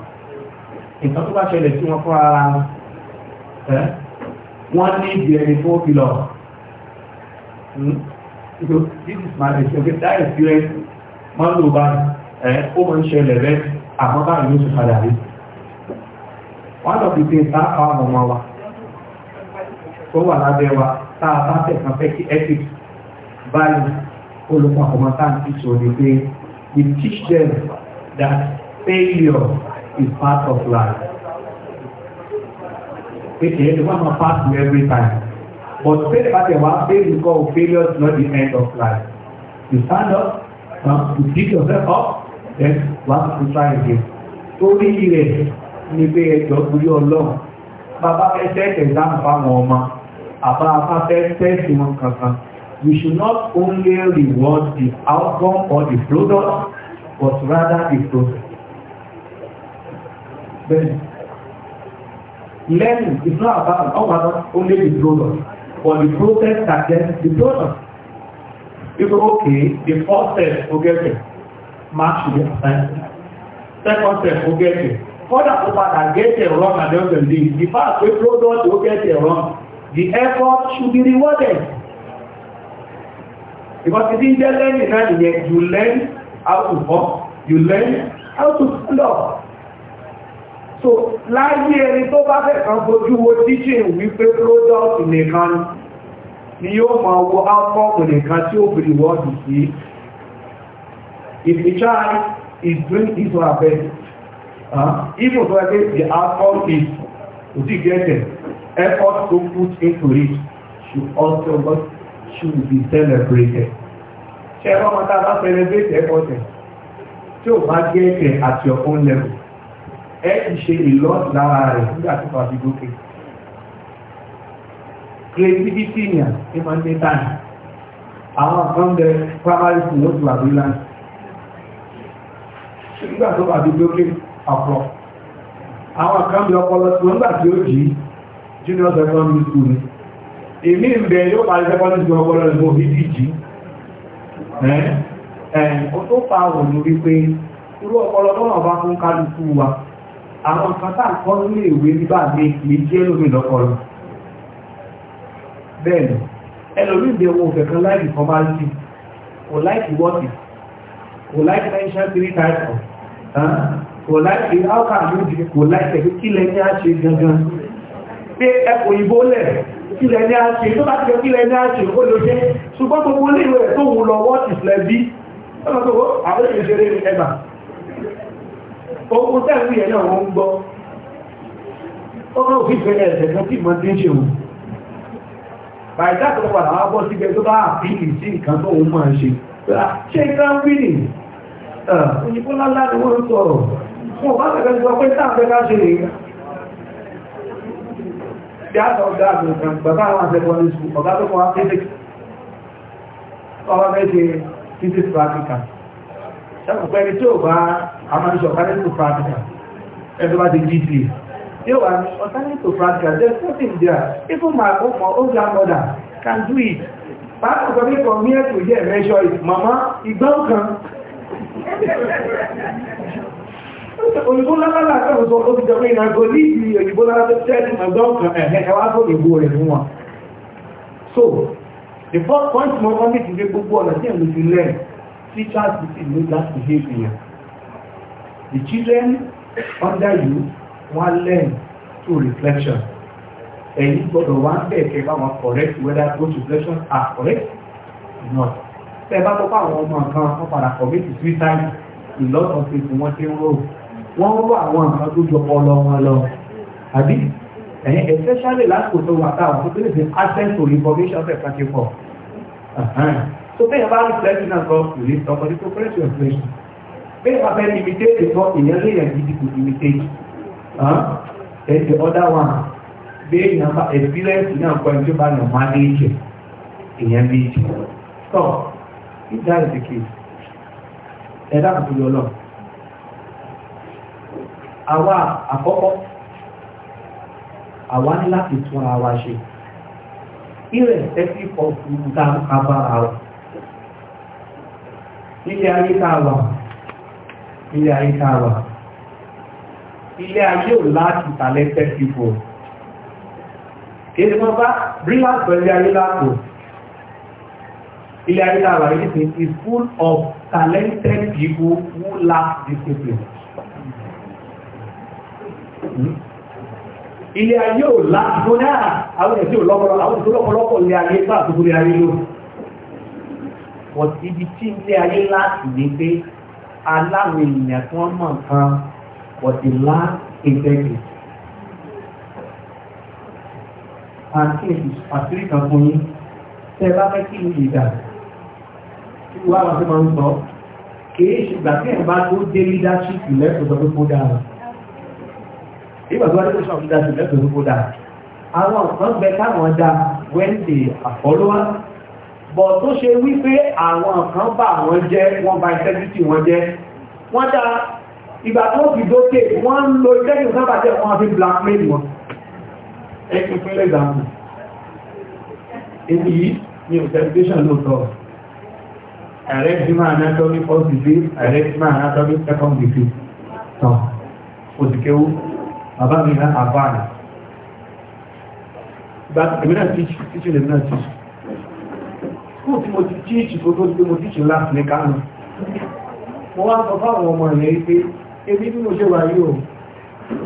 nǹkan tó bá ṣẹlẹ̀ sí wọn fún ara wọn wọ́n ní ìdí ẹni tó fi lọ hmm? so this is my experience that experience máa ń lò bá ẹ ó máa ń ṣẹlẹ̀ rẹ one of the things tá àwọn ọmọ wa tó wà lábẹ́ wa tá a bá tẹ̀sán fẹ́ kí ethics báyìí olùkọ́ àkọ́mọ́táǹtì sọ ni pé we teach them that failure is part of life pé kìí ẹni wọ́n pass you every time but failure about tẹ̀ wá fail you call failure is not the end of life you stand up um, you pick yourself up then you have to try again torí rẹ̀ ni pé ẹjọ́ torí ọlọ́run bàbá fẹ́ tẹ́ẹ̀tẹ̀ ìdáhùn fáwọn ọmọ àbá afá fẹ́ tẹ́ẹ̀tì wọn kankan we should not only reward the outcome or the product but rather the process. Bẹ́ẹ̀ni learning is not about an about only the product but the process that gets the product if okay the first step go get it match the assignment second step go get it further go back and get it wrong and the end the day the fact wey product go get it wrong the effort should be rewarded because if you just learn, na the yet you learn how to work you learn how to stand so láyé ẹni tó bá fẹ́ kan fojú wo teaching wípé product nìkan ni yóò máa wo outcome nìkan tí ó bèrè wọ́ọ̀dù sí if the child is doing his or her best even though the outcome is to see getting effort to put into it should also should be celebrated ṣe ẹ̀rọ ọmọ tá a bá celebrate effort ẹ̀ tí ó bá gẹ́ẹ̀kẹ̀ at your own level ẹ ti ṣe ìlọ́ọ̀tì lára rẹ̀ nígbà tó bá fi gòkè creativity ni à ní máa ń dé táyà àwọn kan bẹ primary school ló ti wà lórí láti nígbà tó bá fi gòkè ọ̀pọ̀ àwọn kan bẹ ọpọlọ tí wọ́n gbà tí ó jì í junior secondary school ni èmi ń bẹ yóò parí secondary school ọpọlọ rẹ̀ mo fi dì jì í ẹ̀ ẹ̀ ó tó fa òun wípé irú ọpọlọ tó wọ́n bá fún kálukú wa àwọn nǹkan tá à ń kọ́ nílé ìwé nígbà mi kì í jẹ́ lómi lọ́pọlọ bẹ́ẹ̀ ni ẹlòmíì bẹ wọn òfẹ́ kan láìkì kan bá sí kò láìkì wọ́ọ̀tì kò láìkì mention three title kò láìkì how can you do kò láìkì ẹ̀kú kí lẹ́ni á ṣe gangan pé ẹkùn ìbò lẹ̀ kí lẹ́ni á ṣe tó bá ti kí lẹ́ni á ṣe ó lè jẹ́ ṣùgbọ́n gbogbo ilé ìwé rẹ̀ tó ohun tẹ́lú yẹn náà wọ́n ń gbọ́ ó máa fi bẹ̀rẹ̀ ẹ̀sẹ̀ tó kí mọ́ tí ń ṣe wù báyìí dákọ̀ tó padà wá bọ́ síbẹ̀ tó bá àfihàn sí nǹkan tó òun máa ṣe ah, ṣé nǹkan wí nì òyìnbó lálá ni wọ́n ń sọ̀rọ̀ wọn bá bẹ̀rẹ̀ sọ pé táàbẹ̀ ká ṣe nìyẹn yàtọ̀ ọ̀gá àgbẹ̀kan bàbá àwọn àṣẹ́kọ̀ọ́ ní sùn ọ̀gá tó kọ́ wá physics ọba mẹ́ṣe physics practical ṣàkùpẹ́ni tí ò bá àmàlùsọ̀ ọ̀tánẹ́tò practical ẹ̀dọ́ bá ti gta yóò wà oh, ní ọ̀tánẹ́tò practical there's nothing there even my own own grandmother can do it pàápàá sọ pé for me to hear measure it mama ìgbọ́n kan òyìnbó lábàlá àtàwọn ó ti jọ pé ìrìnàjò líìdì òyìnbó lábàlá the first point mo wọ́n ní ti gbé gbogbo ọ̀nà tí ẹ̀mí ti lẹ́ẹ̀ teachers ti ló dá behavior The children under you wọ́n learn through reflection. Ẹ̀yin gbọ́dọ̀ wá ń bẹ̀ẹ̀ kẹ́ báwọn correct whether those reflections are correct or not. Bẹ́ẹ̀ bá tọ́pọ̀ àwọn ọmọ kan wọ́n padà commit suicide ìlọ́sàn ti fún wọn tí ń rò. Wọ́n ń rò àwọn nǹkan tó jọ ọlọ wọn lọ. Àbí ẹ̀yin especially lásìkò tó wà táwọn tó tẹ̀lé access to information fẹ̀ kàkí pọ̀. So bẹ́ẹ̀ bá reflection náà sọ, release somebody to correct your reflection. bí ìwà fẹ́ imitate bọ́ ìyẹn lè yẹn gidi kò imitate ẹ̀ the other one bí èèyàn experience náà kọ́ ẹni tó bá yàn máa so if that is the case ẹ dáàbò wa irrespective of ilé ayé ilé ayé káàwà ilé ayé ò láti talented people kéde wọn bá brilliant pẹ̀lú ayé láàpò ilé ayé káàwà yìí ti is full of talented people who lack discipline hmm? ilé ayé ò láàpò náà àwọn èsì òlọ́pọ̀lọpọ̀ ilé ayé bá àtúkú ilé ayé lò wọ́n ti ibi tí ilé ayé láti ní pé aláwọ̀ èèyàn tí wọ́n mọ̀ kan ọ̀dì lá ìgbẹ́gbẹ̀. àkíyèsí àṣírí kan fún yín tẹ́ bá fẹ́ kí ìlú ìdá tí wọ́n àwọn tó máa ń sọ kìí ṣùgbà tí ẹ̀ bá tó dé leadership lẹ́kọ̀ọ́ sọ pé kó dára ìgbà tó wá lẹ́kọ̀ọ́ sọ kó dára àwọn kan bẹ káwọn dá when they are bọ̀ tó ṣe wípé àwọn kan bà wọ́n jẹ́ wọ́n bà integrity wọ́n jẹ́ wọ́n dá ìgbà tó fi dókè wọ́n ń lo ìtẹ́kùn sábà jẹ́ wọ́n fi blackmail wọn ẹkùn fún lẹ́gbàmù èyí ni ò tẹ́lifíṣàn lóòtọ́ àrẹ́gbìmọ̀ anatomy first degree àrẹ́gbìmọ̀ anatomy second degree tán òsìkéwú bàbá mi náà àbáàlì ìgbà ìgbìmọ̀ teach teaching ìgbìmọ̀ teach skúù tí mo ti tíìtì tó tó tí mo tíìtì láti ní kánú mo wá sọ fáwọn ọmọ ìyẹn pé ebi bí mo ṣe wà yìí o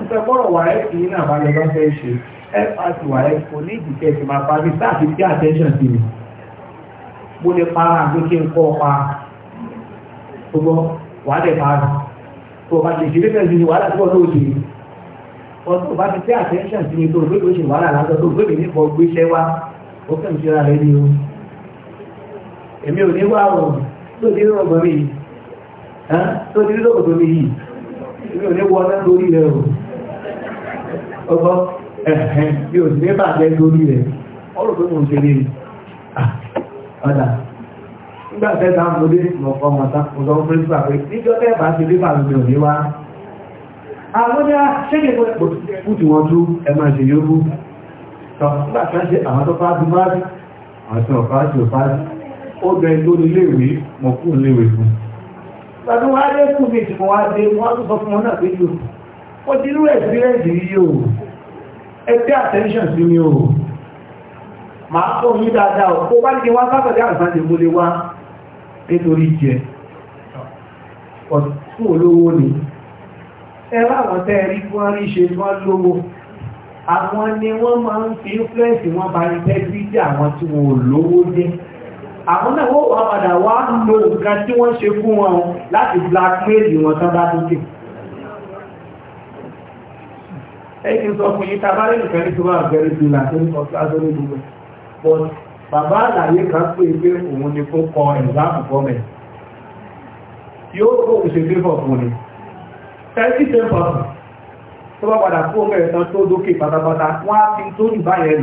ṣe gbọ́dọ̀ wà ẹ́ kì í náà bá lọ lọ́fẹ́ ṣe ẹ bá ti wà ẹ́ kò ní ìdíkẹ́ ti máa pa mí sáà ti pay attention sí mi mo lè pa àgbo kí n kọ́ pa gbogbo wà á dẹ̀ pa tó o bá ti ṣeré fẹ́ẹ́ ní wàhálà tí wọ́n náà ṣe ọtún bá ti pay attention sí mi tó o gbé ló ṣe wàhálà lásán tó o gbé èmi ò ní wá òun tó ti rí ọgbọ̀n mi yìí tó ti rí ọgbọ̀n mi yìí èmi ò ní wọ ọ́nà lórí rẹ̀ o ọgbọ́n ẹ̀hẹ̀ mi ò sì ní bàjẹ́ lórí rẹ̀ ọ̀rọ̀ tó mò ń ṣeré ni ọ̀dà nígbà tẹ́ ta mo dé mọ̀kọ́ mọ̀ta mo sọ fún pírísípà pé níjọ́ tẹ́ bá ti rí bàjẹ́ mi ò ní wá àwọn ní a ṣẹ́gbẹ̀ fún tí wọ́n tún tó fáájú fáájú àwọn ó bẹ lórí léèwé mọ̀ kúrò léèwé fún un. Bàbá wa dé kú mi tí mo wá dé wọ́n tó sọ fún wọn náà pé yóò. Ó ti rú ẹ̀sìrẹ́ẹ̀sì yìí o. Ẹ pay attention sí mi o. Màá kọ́ yín dáadáa o. Kó bá ní kí wá sábàdé àgbàdé mo lè wá nítorí jẹ. Ọ̀sùn olówó ni. Ẹ láwọn tẹ́ ẹ rí kí wọ́n rí ṣe kí wọ́n lówó. Àwọn ni wọ́n máa ń fi influence wọn bá ní tẹ́gbídì àwọn tí wọn ò lówó dé àwọn náà wọ́n wà padà wá lo nǹkan tí wọ́n ṣe fún wọn láti blackmail wọn tán bá dúkè ẹ̀yìn sọ fún yíta bá lẹ́nu kẹrin tó bá bẹ̀rẹ̀ sí láti ọ̀sán gbogbo but bàbá àlàyé kan pé pé òun ni kó kọ ẹ̀záàmù fọ́mẹ̀ yóò kó òṣèlú fọ̀ fún ni tẹ́sí tẹ́ fọ̀ fún tó bá padà fún ọmọ ẹ̀sán tó dókè pátápátá wọ́n á fi tó jù báyẹn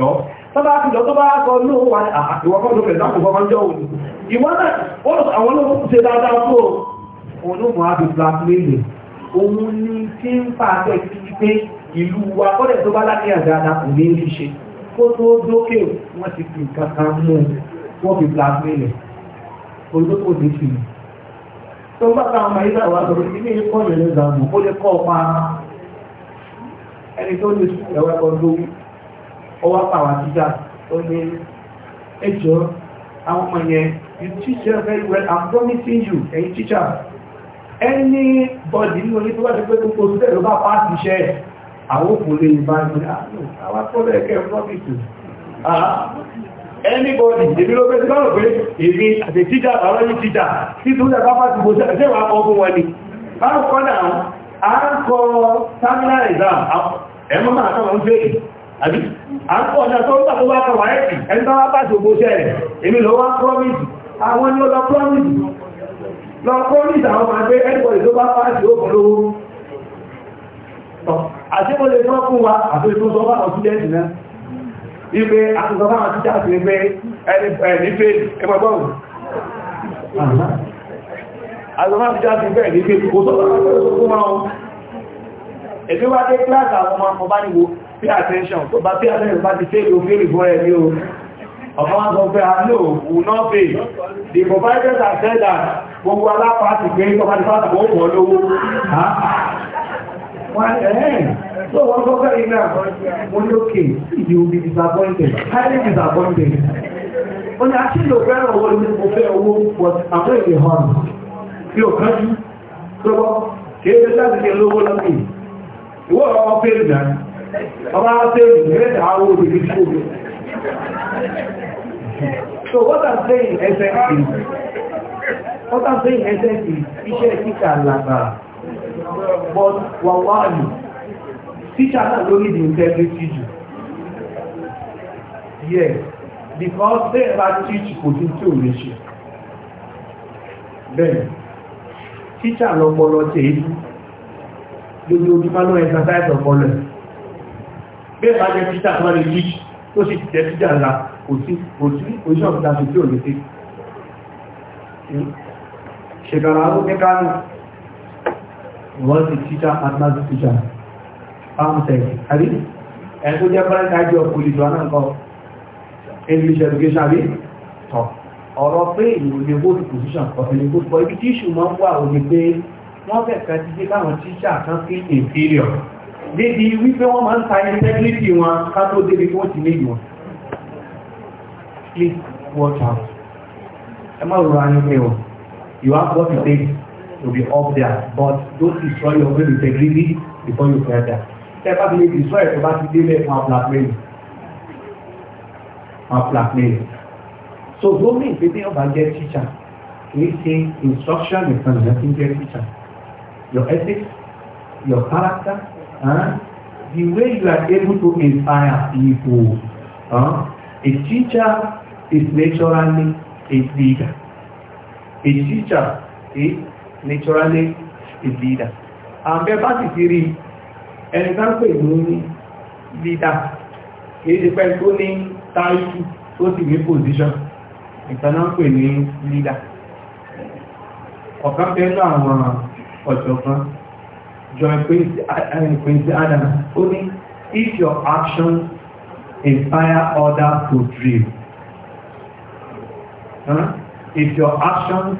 lọ sábà fi lọ tó bá kọ ní òun wà ní ìwọ̀kọ́ ló fẹ̀ láti fọ́mọ́ jọ òun ìwọ́n náà àwọn olóòkú ṣe dáadáa tó òun ló mọ̀ á fi blackmail òun ní tí ń fà bẹ́ẹ̀ sí pé ìlú wa kọ́dẹ̀ tó bá láti àdáadáa kò ní rí ṣe kó tó dókè wọ́n ti fi nǹkan kan mú wọ́n fi blackmail olóòkú ní fi tó ń bá ta ọmọ ilé àwọn ẹni tó ní ẹ̀wẹ̀kọ́ lówó ọwọ́ pàwà títà ó ní ẹjọ́ àwọn ọmọ yẹn you teach them very well i'm promising you ẹ̀yin teacher ẹni bọ́dì ní oní tó bá ti pé gbogbo sílẹ̀ ló bá pàá ti ṣẹ́ àwọn òkú lè bá ní ah, àwọn akọ́lẹ̀ ẹ̀kẹ́ promise ah, anybody èmi ló pé tí báwọn pé èmi àti tíjà àwọn yìí tíjà tí tó dẹ̀ bá pàtàkì bó ṣẹ́wà ọgbọ́n wọn ni báwọn kọ́ náà à ń kọ terminal exam ẹ̀mọ́ máa kọ́ wọn fẹ́ẹ̀kì àbí àpọ̀ ọ̀nà tó ń pàtó bá kọ wáyẹ̀kì ẹni bá wá pàtó gbó ṣẹ́ rẹ̀ èmi lọ wá promise àwọn ni ó lọ promise lọ promise àwọn máa gbé ẹgbọ̀n tó bá pàtó ó kọ̀lọ́ àti mo lè sọ fún wa àti ètò sọ fún àwọn students náà ipe àtúnṣọ fún àwọn teachers ní pé ẹni pé ẹgbẹ̀gbọ́n àtúnṣọ wá dé kíláàsì àwọn ọmọ ọmọ bá níwò pay attention tó bá pay attention bá ti pay you feel for ẹni o ọ̀pọ̀ wọn sọ pé a ah, no will not pay the providers have said that gbogbo alápàá ti pé ọmọ ti fásitì wọ́n pọ̀ lówó wọ́n ẹ̀ẹ́ so wọ́n sọ pé iná mo ní òkè ìdí disappointed highly disappointed ó ní àṣìlò fẹ́ràn owó ní mo fẹ́ owó but àpẹ́ ìdè hàn bí ò kájú tó bọ́ kí é ṣe láti ṣe lówó lọ́pìn ìwọ́ ọ̀rọ̀ ọ̀pẹ́ ìdáni so what i'm saying is that what i'm saying is that iṣẹ́ kíkà lágbára but wà wá lù tíṣà náà lórí the integrity jù yes because they bá teach kò tún tí ò lè ṣe bẹ́ẹ̀ tíṣà lọ́pọlọ tèébù lójoojúmọ́ ló exercise ọpọlọ bẹ́ẹ̀ bá jẹ́ títà tó wá ní jíjì tó sì jẹ́ títà ńlá kò sí oṣù ọ̀pítà sí tí ò lè fi ṣẹ̀gbàrà ó ní kánú wọ́n ti títà atlas títà pàmùsẹ̀ English education àbí tọ̀ ọ̀rọ̀ pé ìlú ní hold position ọ̀fẹ́lẹ̀ good for ibi tí ìṣù máa ń wà òní pé wọ́n fẹ̀ kan ti dé káwọn tíṣà kan sí inferior débi wípé wọ́n máa ń ta integrity wọn ká tó débi wọ́n ti ní ìwọ̀n please watch out ẹ má rọra ní pé wọn you have what it takes to be up there but don't destroy your own integrity before you get there tẹ́ bá ti lè destroy ẹ̀ tó bá ti délé fún abúlé blackmail. So lórí ìpínlẹ̀ ọba jẹ́ teacher kìí ṣe instruction nìkan ìyẹn ti jẹ́ teacher. Your ethics, your character, huh, the way you are able to inspire people. Huh? A teacher is naturally a leader. A teacher is naturally a leader. Àbẹ́ bá sì ti rí ẹni bá ń pè ní leader, kìí ṣe pẹ́ tó ní táìtù tó sì ní position, ìtànà ń pè ní leader. Ọ̀kan bẹ́ẹ̀ náà àwọn ọ̀jọ̀gbọ́n John Quincy uh, uh, Quincy, Adams ó ní if your actions inspire others to dream huh? if your actions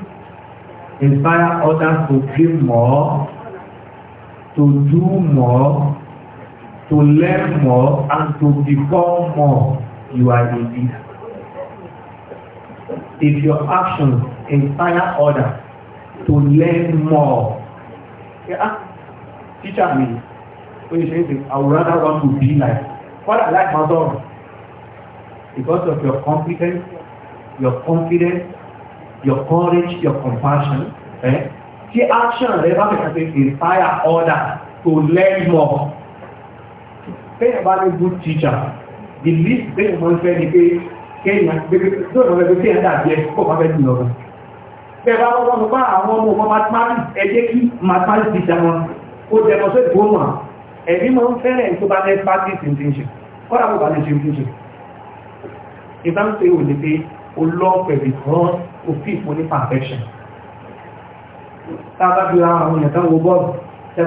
inspire others to dream more to do more to learn more and to become more you are a leader if your actions inspire others to learn more. Yeah tíṣà mi ó ṣe é ṣe àwòrán náà wọn kò bí láì kọ́lá láì máa sọ̀rọ̀ because of your competence your confidence your courage your compassion eh? tí action rẹ bá fẹ́ràn pé inspire others to learn more bẹ́ẹ̀ bá ní good teacher the least bẹ́ẹ̀ mọ́ fẹ́ ni pé kéèyàn gbégbé tó lọ́wọ́ ẹgbẹ́ kéèyàn dàbí ẹ kó bá fẹ́ jù lọ́wọ́ bẹ́ẹ̀ bá wọ́n wọ́n bá àwọn ọmọ ọmọ mathematics ẹ jẹ́ kí mathematics teacher wọn ó demonstrate tó mọ̀ ẹ̀bí mọ́ ń fẹ́rẹ̀ tó bá fẹ́ practice intention kọ́ra bó bá lè ṣe intention ìbá ń pè ó lè pé ó lọ pẹ̀lú kan ó fi ìpò ní perfection tá a bá fi ra àwọn èèyàn kan wo bọ́ọ̀lù tó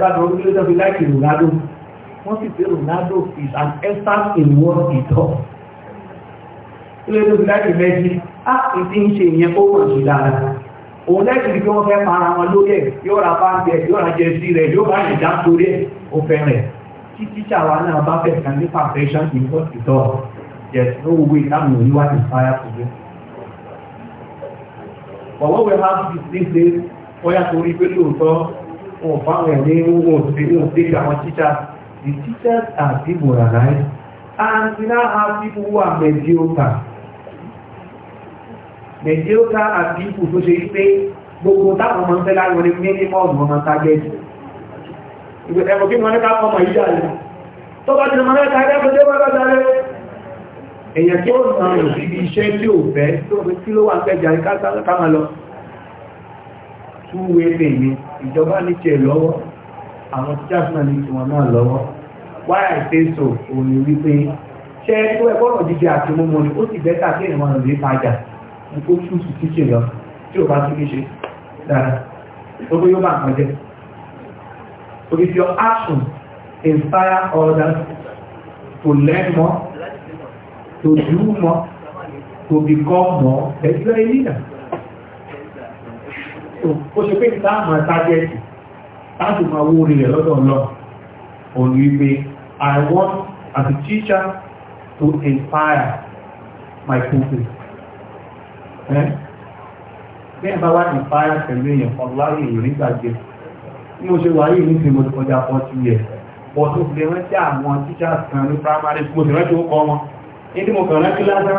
ah, ń ṣe òun lẹ́sìn bí wọ́n fẹ́ para wọn lórí ẹ̀ yóò ra báńkì ẹ̀ yóò ra jẹ́sí rẹ̀ yóò bá ìjà torí ẹ̀ ó fẹ́ tí tíṣà wa náà bá fẹ́ kan ní perfection in hospital yes no way that will you want to fire to do but what we have to be this day bóyá torí pé lóòótọ́ wọn ò fáwọn ẹ̀ ní wọn ò sí wọn ò sí àwọn tíṣà the teachers are people demoralized and we now have people who are mediocre nàìjíríà àbíkù tó ṣe pé gbogbo táwọn ọmọ ń fẹ́ láwọn ní mínímọ̀mù ọmọ tágẹ́jì ẹ̀rọ kí wọ́n ní káàkọ́ ọmọ yíyà rẹ̀ tó bá ti mọ́lẹ́ tàgẹ́ tó dé wọ́n bá dáre èyàn tí ó nà rò sí ibi iṣẹ́ tí ò fẹ́ tó fi kí ló wà pẹ́jà káàkà lọ túwé lèmi ìjọba ní tiẹ̀ lọ́wọ́ àwọn tíjáfúnà ní tiwọn náà lọ́wọ́ wáyà ìfẹ́sọ̀ òní wípé ṣẹ́ tó ẹgbọ́rọ̀ jíjẹ àti mọ́mọ́ ni ó sì bẹ́ta kí èèyàn máa lè fàjà ní kó ṣùsù títì lọ tí ò bá tún ní ṣe dára gbogbo yóò bá nǹkan if your action inspire others to learn more to do more to become more then you are a leader so ó ṣe pé níta àmọ́ tágẹ́ẹ̀tì láti máa wó orí rẹ̀ lọ́dọ̀ lọ òun wípé I want as a teacher to inspire my pupils bẹ́ẹ̀ bá wà ní fáyà pẹ̀lú èèyàn kan láàrin èèyàn nígbàgbé bí mo ṣe wà yìí ní tìmọ̀ ọjà pọ̀ ti yẹ pọ̀ tó fi lè rántí àwọn tíṣà kan ní primary mo sì rántí ó kọ́ wọn ní tí mo kàn rántí lásán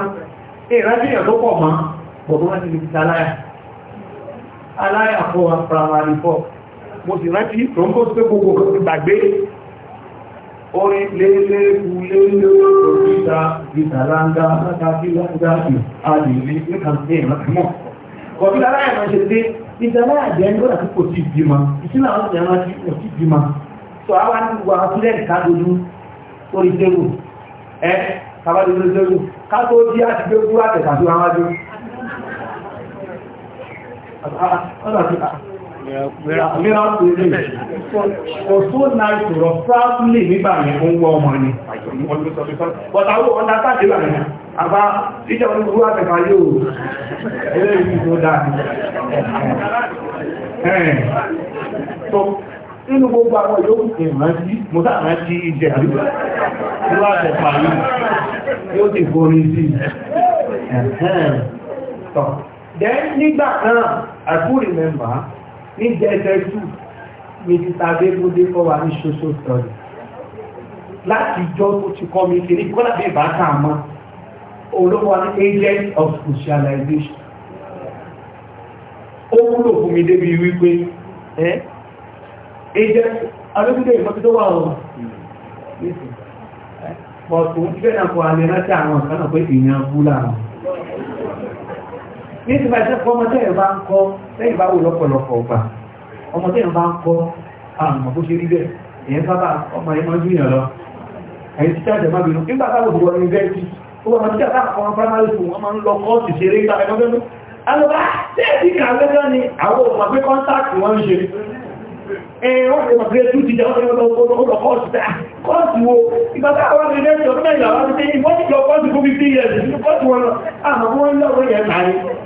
ní ìrántí èèyàn tó pọ̀ mọ́ pọ̀ tó rántí ní tíṣà aláyà aláyà fọ́ primary four mo sì rántí orin lélẹ́gbù lélẹ́gbù òkúta ìtàláńgá látàkíláńgá àdìrí ní kàmpín mọ́ kọ̀bílá láyé máa ṣe dé ìtàláyà jẹ́ ní ọ̀dà tí kò sí ìbímọ ìsìnà àwọn ìyàmá tí kò sí ìbímọ sọ àwọn àdúgbò àtúlẹ̀ kádojú orí tẹ́wò ẹ kábàdúró tẹ́wò kátó dí àti gbé kúrò àtẹ̀kàtó àwọn àjọ was so nice to us proudly nígbà yẹn ó ń wọ́ ọmọ ni but àwọn ọ̀dáta dé bàrẹ̀ àbá ìjọ olúgbò àtẹ̀fà yóò eré ìlú tó dáa so nínú gbogbo àwọn yóò ìrántí mo sáàrántí ìjẹ̀ àdúgbò àtẹ̀fà yìí yóò ti forí sí ẹ̀hẹ́n tọ̀ then nígbà náà I could remember ní jẹ́jẹ́ tù ní títa dégúndé kọ́ wa ní ṣoṣo sọ̀rọ̀ láti ìjọ tó ti kọ́ mi kiri kọ́lá bí ìbátan àmọ́ olówó wa ní agent of socialization ó wúlò fún mi débi wípé ẹ́ agent alóbìdé ìmọ́tí tó wà ọ̀ pọ̀tù ń fẹ́ náà kọ́ alẹ́ láti àwọn kan pé ìyàn bú ní ti bá ṣe kọ́ ọmọ tẹ́yìn bá ń kọ́ tẹ́yìn bá wò lọ́pọ̀lọpọ̀ ọgbà ọmọ tẹ́yìn bá ń kọ́ àmọ̀ bó ṣe rí bẹ́ẹ̀ èyàn sábà ọmọ yẹn máa ń júyàn lọ ẹ̀yìn títí àjẹ́ má bínú nígbà táwọn òbúwọ́ ní bẹ́ẹ̀ tí ó wà títí àtà àwọn primary school wọ́n máa ń lọ kọ́ọ̀sì ṣeré gbà ẹgbẹ́ mẹ́nu alọ́bá tẹ́ẹ̀tì kàlẹ́gẹ́ ni àwọn ọmọ pé contact wọ́n ń ṣe ẹ̀wọ́n ti mọ̀ pé tú ti jẹ́ ọlọ́ ah, ìgbà táwọn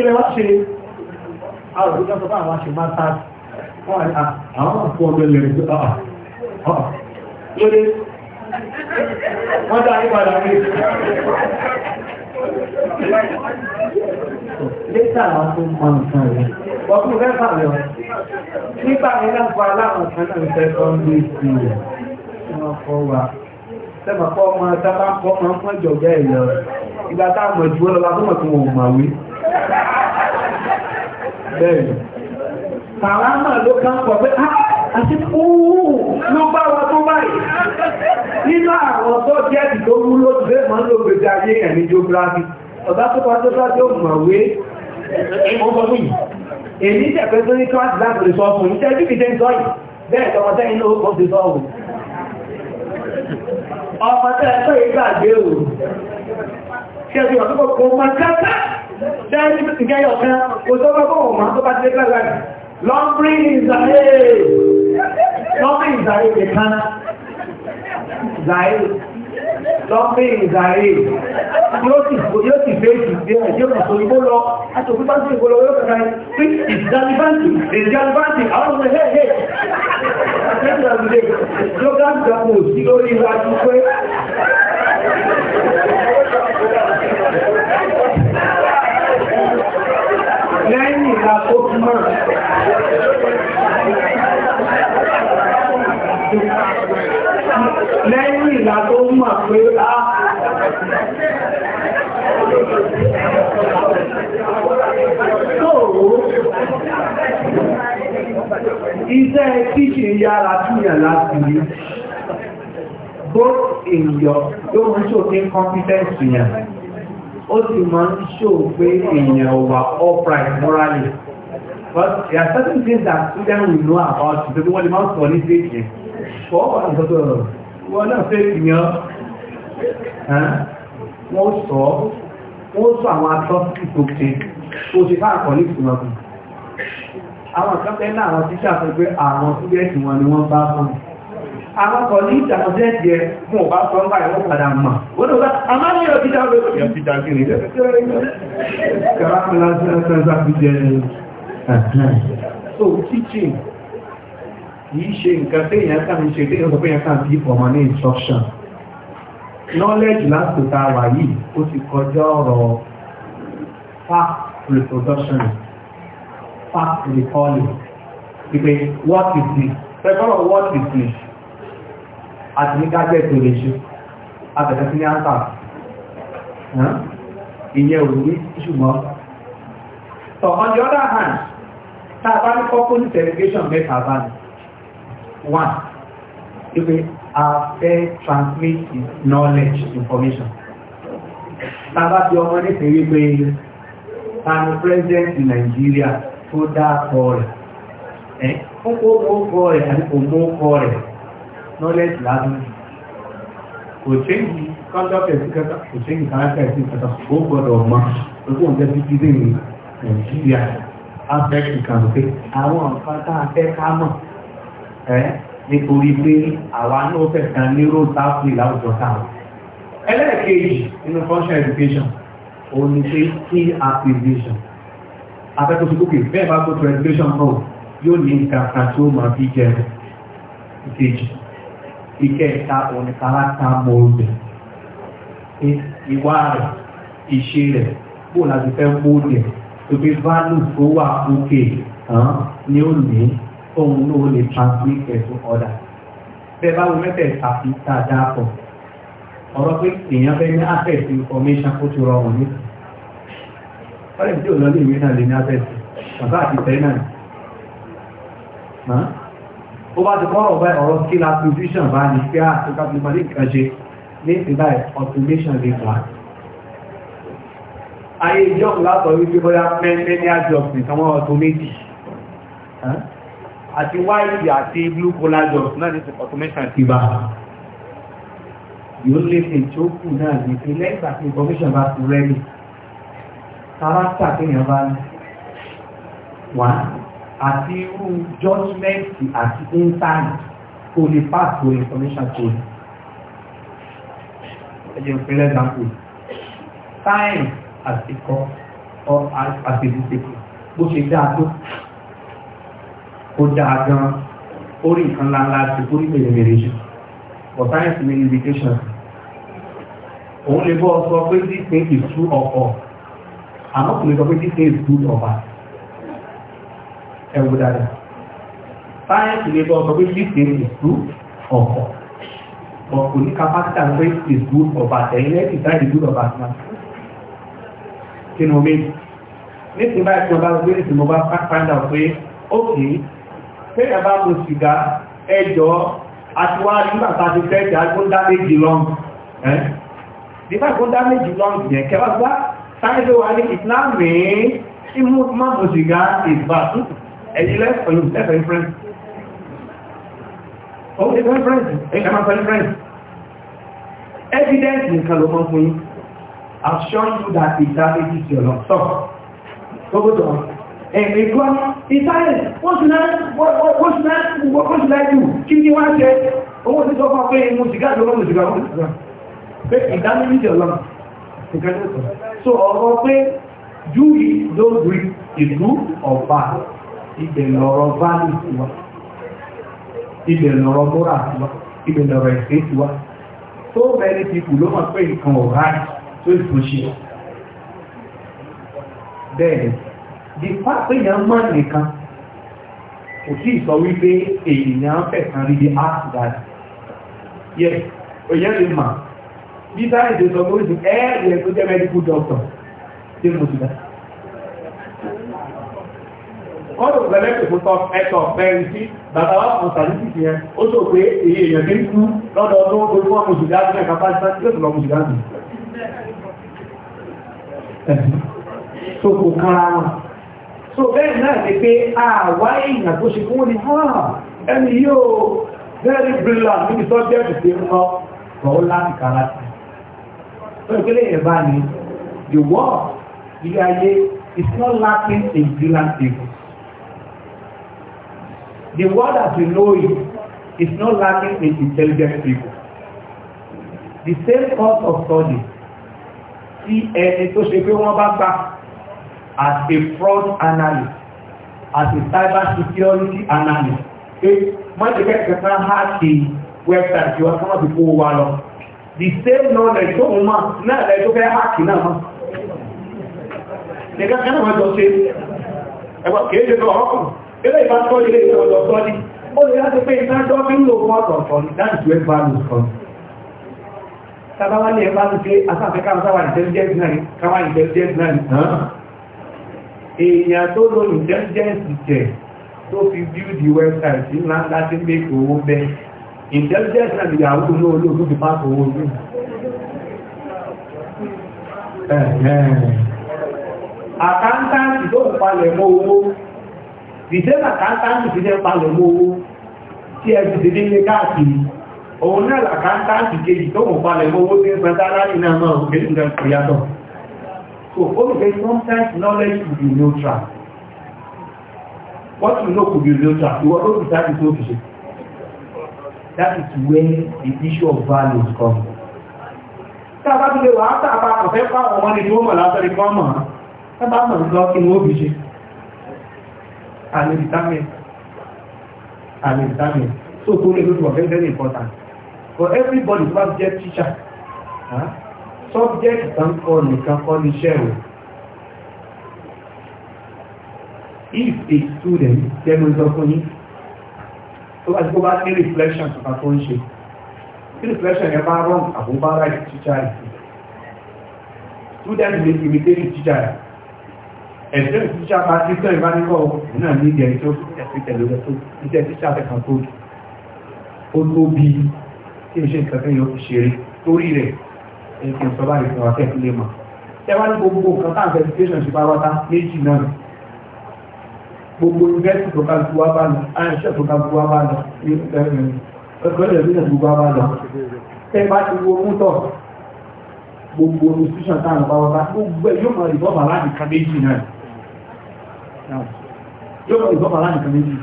kí lẹ wá ṣe àwọn òṣìṣẹ́ sọ fún àwọn aṣọ máa ta ah, àwọn máa fún ọgbẹ́ lẹ́rìn tó ah, ah, lóde wọ́n dá nípadà ní lẹ́tà àwọn tó ń pa nǹkan rẹ̀ ọkùnrin fẹ́ fà lọ nígbà yẹn náà fọ aláwọn kan náà fẹ́ kọ́ ń lé sí rẹ̀ tí wọ́n fọ́ wa sẹ́mà pọ́ ọmọ tábà pọ́ ọmọ ọmọ ìjọba ẹ̀ lọ ìgbà táwọn ọmọ ìjọba lọ́la tó mọ̀ tó wọn ò màwé bẹ́ẹ̀ni kàrámà ló kàn pọ̀ pé ah, àti kúrú ló bá wọn tó báyìí nínú àwọn tó jẹ́ ìdó wúlò tó fẹ́ máa ń lo gbèsè ayé ẹ̀mí geography ọ̀dá tó pa tó bá tó mọ̀wé èyí tẹ̀fẹ́ tó ní kíláàsì láti lè sọ fún ní tẹ́jú fi jẹ́ ń sọ yìí bẹ́ẹ̀ tọmọtẹ́ inú ó ti sọ òun ọmọtẹ́ ẹ̀kọ́ ìgbàgbé òun ṣe fi ọ̀tọ́kọ̀ kò mọ̀ kátá Dárí ìgẹ́ ọ̀kan, kò tó bá bọ́wọ̀ máa tó bá ti lẹ́gbẹ̀rẹ̀ láti. Lọ́mbrí ìzàyè, lọ́mbrí ìzàyè àwọn ọmọ ẹ̀hẹ́ ẹ̀hẹ́ ẹ̀hẹ́ ẹ̀hẹ́ ẹ̀hẹ́ ẹ̀hẹ́ ẹ̀hẹ́ ẹ̀hẹ́ ìnira tó túmọ̀. Lẹ́yìn ìgbà tó mọ̀ pé á ah! Tóòrò iṣẹ́ kíṣì yára túnyà láti rí, both in your, yóò mú ṣòkè competence ó ti máa ń ṣò pé èèyàn wà upright morally but there are certain things that students will know about you torí wọ́n lè máa sọ ní stage yẹn ṣọ́ wà ní sọ́tọ̀ wọn náà fẹ́ ìyàn wọ́n sọ wọ́n sọ àwọn atọ́sí tó ṣe tó ṣe fáàkọ̀ ní ìtumọ̀ fún àwọn akẹ́kọ̀ọ́ náà àwọn tíṣà sọ pé àwọn students wọn ni wọ́n bá fún mi àwọn ní ìtàkùnjẹ́ fún ọba sọ ń bá padà mọ̀ ó ní ọba a máa ní ọdí dáwọ́ so teaching kìí ṣe nǹkan tí èèyàn kàn ń ṣe tí èèyàn sọ instruction knowledge láti ta wà yìí ó fact reproduction fact recalling pípé what is this? fẹ́ what is this? àti ní kájẹ́ tó lè ṣe àtẹ̀lẹ́ sí ní àǹtà ìyẹn ò ṣùgbọ́n so on the other hand tá a bá ní kọ́kọ́ ní delegation mẹ́ta bá ní one ipe a fẹ́ transmit knowledge information tá a bá fi ọmọ nítorí wípé ta ni president in Nigeria tó dá kọ rẹ̀ ẹ́ ó kó mọ́ kọ rẹ̀ àti kò mọ́ kọ rẹ̀ knowledge lásán kò ṣéyìí conduct ẹ̀sìn kẹta kò ṣéyìí character ẹ̀sìn kẹta ó gbọ́dọ̀ ọmọ gbogbo nǹkan ti ti dé ní nàìjíríà aspect kan pé àwọn nǹkan tá a fẹ́ ká mọ̀ ẹ́ nítorí pé àwa náà fẹ́ kan ní road safety láwùjọ táwọn ẹlẹ́ẹ̀kejì nínú functional education òun ni pé key activation afẹ́kọ̀ọ́sí kókè bẹ́ẹ̀ bá go to education hall yóò ní nǹkan kan tó máa fi jẹ ìkejì ìkẹta òní kárátà mọ́ọ̀dù ìwà rẹ̀ ìṣe rẹ̀ bó la ti fẹ́ mọ́ọ̀dù tó fi válù tó wà òkè ni ó ní òun náà lè transmit ẹ̀ tó ọ̀dà bẹ́ẹ̀ báwo mẹ́tẹ̀ẹ̀ta fi tá a dáa pọ̀ ọ̀rọ̀ pé èèyàn fẹ́ ní access information ó ti rọrùn ní. wọ́n lè tí ò lọ ní ìwé náà lè ní access bàbá àti tẹ́ náà ó bá ti kọ́rọ̀ bá ọ̀rọ̀ skill acquisition bá ní pé àti ká fi mọ ní nǹkan ṣe ní ìpínlẹ̀ automation lè gbà. ayé john látọ̀ wípé bóyá mẹ́rin ní àjọpìn nǹkan wọ́n automate àti white àti blue collar jobs náà ní automation ti bá yóò lè fi tó kù náà ní pé lẹ́yìn àti information bá ti rẹ́lì tààrà tààkì bá ní àti irú jọ́júmẹ́ǹtì àti íńtánì kò lè pàtó information to, tó yẹ. ẹ jẹ́ ìpínlẹ̀ example science àti kọ́ ọ àti ìdíje bó ṣe dáa tó ó dáa gan-an orí nǹkan ńláńlá ti orí mèremère jù for science ní education òun lè bọ́ ọ sọ pé this thing is true or false àmọ́ kò lè sọ pé this thing is good or bad ẹ̀wù dáadáa sáyẹ́ǹsì lè bọ́ ọ̀sọ̀ pé lísì ní ìlú ọ̀pọ̀ ọ̀pọ̀ ní kápásítà pé ìlú ọ̀bà ẹ̀yìnlẹ́ ìsáìdì ìlú ọ̀bà àti náà kí ni omi nísìnyí báyìí tí wọ́n bá gbé nísìnyí mo bá find out pé ókè pé ẹ bá mu sìgá ẹjọ́ àtiwárí nígbà tá a ti fẹ́ jà kó dá méjì lọ́ng ẹ́ nígbà kó dá méjì lọ́ng yẹn kẹwàá gbá sáyẹ́ǹsì wa ní ìsìlámù ní mú sìgá ìgbà tuntun ẹ̀yìn lẹ́fẹ̀ẹ́ ìfẹ́fẹ́ friends ọwọ́ ìfẹ́ friends ẹ̀yìn máa fẹ́ friends evidence nìkan ló mọ́ fún yín I've shown you that eternity is your love stop gbogbo tó ẹ̀mí gbọ́ ìtàlẹ̀ wọ́n sì láì jù kí ní wá jẹ owó títọ́ fún pé mú sìgá àjọwọ́ mú sìgá It pé ìdánilẹ̀ your love. so ọ̀rọ̀ pé do it don't do it or ọ̀pá ibẹ̀ lọ̀rọ̀ báàlì tiwa ibẹ̀ lọ̀rọ̀ mọ́ra tiwa ibẹ̀ lọ̀rọ̀ ẹ̀sẹ̀ tiwa tó mẹ́rin ti kù ló mọ̀ pé nǹkan ọ̀rá tó ìfúnṣe bẹ́ẹ̀ di pápẹ́yàn mọ́ nìkan kò sí ìsọ wípé èèyàn fẹ̀kan rí di áàtì dáadáa yẹ èèyàn lè mà bí sáyẹ̀dì sọ pé ó sì ẹ́ẹ̀rẹ̀ tó jẹ́ mẹ́díkù dọ́kítọ̀ tí mo ti dáa wọ́n tó gbẹ̀lẹ́ pè ẹ̀tọ̀ fẹ́rin sí bàbá wà fún sàdíkìtì ó tó pé èyí èèyàn ní kú lọ́dọ̀ tó orí wọn mú ṣùgbọ́n àti tó lọ mú ṣùgbọ́n so kò kára wọn so bẹ́ẹ̀ náà ti pé àwá èèyàn tó ṣe fún ní ẹni yóò very brilliant níbi tó jẹ́ ìpè ń lọ rọ̀ láti kára sí ó yẹ the world is not lacking in brilliant The world as we know it is not lacking in intelligent people. The same course of study tí ẹni tó ṣe pé wọ́n bá gbà as a fraud analyst as a cyber security analyst pé wọ́n ti kẹ́kẹ́ kan há website yóò kí wọ́n ti kó wa lọ. The same knowledge tó ń mọ̀ náà lẹ́yìn tó fẹ́ há sí náà mọ̀. Nìkan kan náà wọ́n jọ ṣe ẹgbẹ́ kéèké tó ọkùnrin ilé ìbátọ́ ilé ìtọ̀lọ̀tọ́ ní ó lè láti pé ìtajọ́ bí ń lò fún ọ̀tọ̀ọ̀tọ̀ ní láti ju ẹgbà lò kan tàbáwá ní ẹgbà ló pé asáfẹ́ káwàá intelligence náà èèyàn tó lo intelligence jẹ tó fi build the website ńlá láti make owó bẹ́ intelligence náà ìyàwó olóòlò fi pàtó owó ní àkáńtáǹtì tó ń palẹ̀ mọ́ owó dìsẹ́nà kàńtáǹtì ti fẹ́ palẹ̀ mọ́ owó tí ẹ ti ti dé káàkiri òun náà làkàńtáǹtì kejì tó mọ̀ palẹ̀ mọ́ owó tí ń pẹ́ sáláàrí náà máa ń yàtọ̀ so sometimes knowledge could be neutral what you know could be neutral ìwọ ló fi sáà ti tó fi that is where the issue of values come tá a bá ti lè wà á tà bá kọ̀fẹ́ fáwọn ọmọ ní tí mọ̀ ní kọ́ ni ó fi ṣe àmì determine àmì determine so tó lè lóṣù wà very very important for everybody tó bá jẹ́ teacher subject kan kọ́ nìkan kọ́ ní iṣẹ́ o if a student jẹ́nu sọ fún yín tó bá ti kó bá reflection to bá friendship. ń ṣe tí I yẹn bá wrong àbúbá right teacher yìí student may imitate teacher ẹ̀sẹ̀ ìṣíṣà bá ti tọ́ ìbánikọ́ náà ní ìdẹ̀ tó ẹ̀sẹ̀ tẹ̀lé tó iṣẹ́ tíṣà tẹ̀kan tó ó tó bí tí ó ṣe ìkàfẹ́ yóò fi ṣeré torí rẹ̀ ẹ̀kẹ́ ìsọba ìfẹ́ wa kẹ́kẹ́ lè mọ̀ tẹ́wá ní gbogbo nǹkan tá verification ṣe bá wá tá méjì náà gbogbo university tó ká ju wá bá lọ àìṣẹ́ tó ká ju wá bá lọ ní ẹgbẹ́rẹ́ ìbílẹ̀ tó bá wá yóò kọ̀ ìgbọ́pàá láti kan méjì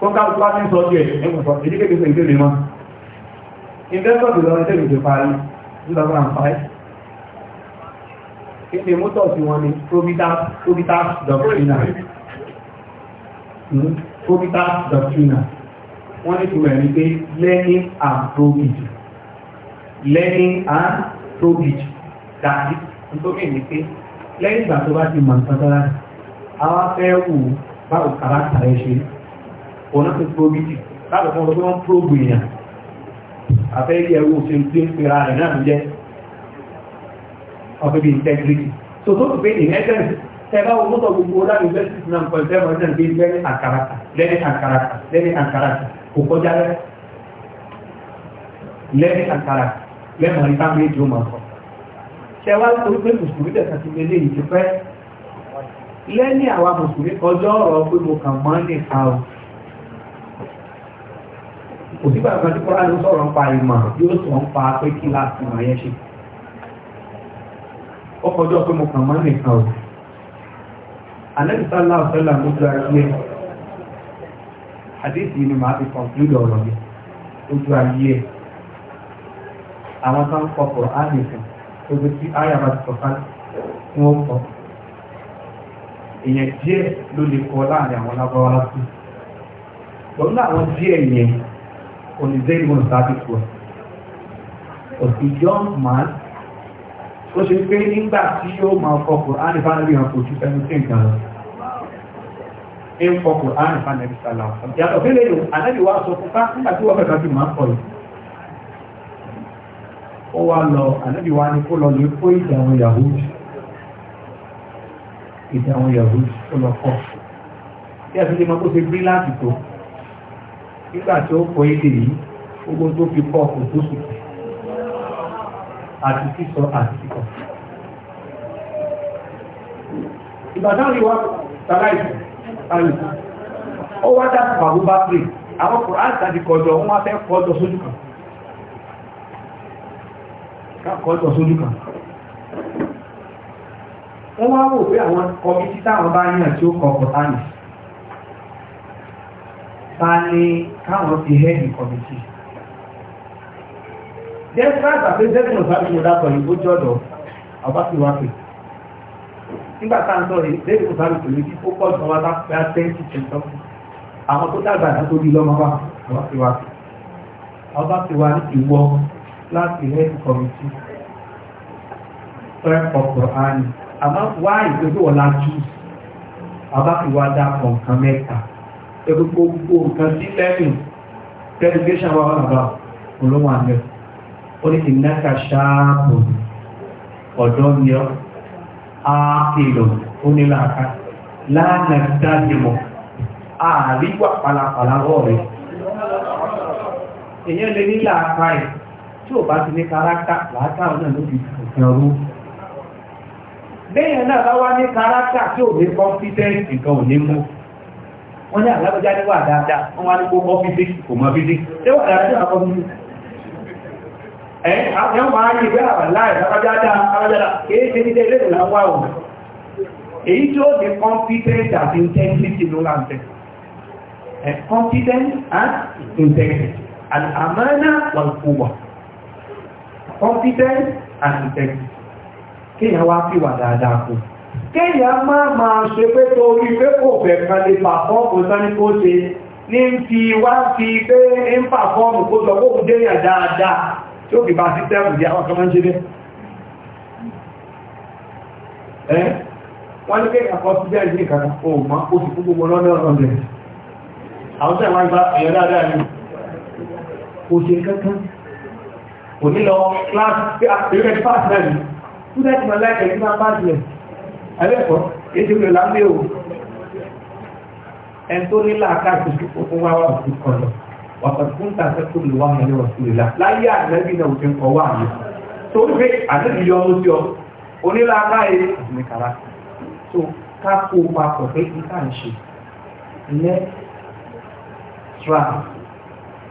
kọ́ká wá ní sọ jẹ́ ẹgbẹ̀fọ́ ìdíkẹ́gbẹ̀ sọ ìdílé mọ́ investor ti lọ ní tẹ́lẹ̀ ìjọ parí 2005 ìpè mọ́tọ̀ sí wọn ni probitas doctrina probitas doctrina wọ́n ní túnmọ̀ hmm, ní pé learning and probit learning and probit dàbí nítorí ní pé lẹ́yìn ìgbà tó bá ti mọ̀ nípa tọ́lá àwọn afẹ́ wù báwo kàràkà rẹ̀ ṣe ọ̀nà tó probity láti fún ọdún wọn probe èèyàn afẹ́ ilé ẹ̀rù òṣèlú tí ń pera rẹ̀ náà jẹ́ ọ̀fẹ́ bí integrity so tó tó pé ní essence ẹ̀bá owó tó gbogbo láti justice náà pẹ̀lú ẹ̀rọ náà gbé lẹ́ni àkàràkà lẹ́ni àkàràkà lẹ́ni àkàràkà kò kọjá rẹ̀ lẹ́ni àkàràkà lẹ́mọ̀ nípa méjì ó máa kọ ṣẹ́wá torí lẹ́ni àwa mùsùlùmí ọjọ́ ọ̀rọ̀ pé mo kàn mọ́ nípa o kò sí bàbá tí kọ́lá ló sọ̀rọ̀ ń pa ìmọ̀ yóò sọ ń pa pé kí láti mọ̀ yẹn ṣe ọkọ̀ ọjọ́ pé mo kàn mọ́ nípa o anẹ́bísà láàfẹ́lá ló dá ayé àdéhìí ni màá fi kọ̀ǹpútì ọ̀rọ̀ mi ojú ayé àwọn tó ń kọ Kùránì fún ojú tí àyà bá ti sọ̀kan wọ́n kọ̀ èèyàn díẹ̀ ló lè kọ láàrin àwọn lábáwá lásì lọ́nà àwọn díẹ̀ yẹn oníṣẹ́ ìwọ̀n sábìkù òsìjọ́ máa ó ṣe pé nígbà tí yóò máa fọkù ánìfánàbí hàn kò ju ẹnu sí nǹkan lọ ń fọkù ánìfánàbí sàlà yàtọ̀ fílẹ̀ yóò ànábì wá sọ fún ká nígbà tí wọ́n fẹ́ kájú máa ń kọ yìí ó wá lọ ànábì wá ní kó lọ lè kó ìjà àwọn yahoo èdè àwọn yahoo tó lọ kọ́ kí ẹ̀sùn lè mọ kó ṣe bíríláàtì tó nígbà tí ó kọ èdè yìí gbogbo tó fi kọ́ kò tó sùn àti sísọ àti síkọ. ìbàdàn ni wọ́n tàbá ìsìn tàbí ó wá dá fún àwọn bá pè àwọn kò áńtàdì kọjọ wọn wá fẹ́ kọjọ sójú kan ká kọjọ sójú kan wọ́n wá wò pé àwọn kọmítí táwọn bá yàn tí ó kọ kọ̀tánì ta ni káwọn ti hẹ́ẹ̀dì kọmítí despite àpéjẹ́kùn ìfàbíyàn dákọ̀ yìí ó jọ́dọ̀ àbáfíwápè nígbà tá à ń sọ̀rọ̀ ìdẹ́kùn ìfàbíyàn lójú ó pọ̀ jù wọn bá pẹ́ tẹ́ǹtì tẹ̀sán àwọn tó dàgbà tó bí lọ́mọ bá àbáfíwápè àbáfíwá ní ìwọ láti hẹ́ẹ̀dì fẹ́ àmọ́ wá ìgbésẹ̀ wọ̀ láti bàbá fi wá dá kan nǹkan mẹ́ta ẹgbẹ́ gbogbo nǹkan sí lẹ́yìn tẹ́lifíṣàn wà bàbá olóhùn àmẹ́ ó ní ìnáka ṣáàbù ọ̀dọ́ ni ọ́ á kìlọ̀ ó ní làákà lánàá dájúmọ̀ àríwá pàlàpàlà rọ̀ rẹ̀ èèyàn lè ní làákà ẹ̀ tí ò bá ti ní kárákà làákà náà ló fi kàn ọ̀rọ̀ bẹ́yẹn náà bá wá ní kárákà tí ò ní kọ́mpítẹ́ǹsì kan ò ní mú wọ́n ní àlábọ́já ní wà dáadáa wọ́n wá ní kó mọ́ fíjíkì kò mọ́ fíjíkì tí wà dáadáa ní àkọ́ fíjíkì ẹ̀ àwọn máa ń rí ìwé àbàlá ìdábájáda àbájáda kìí ṣe ní ilé ìlà wà ò èyí tí ó ní competence and integrity ló là ń tẹ̀ competence and integrity and amana wà kúwà competence and integrity kéèyàn wá fi wà dáadáa kù kéèyàn má máa ṣe pé torí pé kò fẹ́ kan lè pàfọ́ọ̀mù sani kó ṣe ní fi wá fi pé ń pàfọ́ọ̀mù kó sọ kó dáadáa tí ó fi bá di àwọn kan máa ń ṣe wọ́n ní kéèyàn kọ́ sí bẹ́ẹ̀ ní gbogbo kankan kò student mọ̀ láìpẹ́ tí máa bá jùlẹ̀ ẹlẹ́kọ̀ọ́ èdè rẹ̀ lábẹ́ o ẹn tó ní làákàtì fún wa wà fún kan lọ wàtàkì fún tàṣẹ tó lè wà nílé wọn sílẹ̀ la láyé àgbẹ̀bí náà òfin kọ̀ wà ní tó ń pè àdébí yọ ọ́ sí ọ onílàákà yìí ní kàrà tó ká kó papọ̀ pé kíkà ń ṣe let's try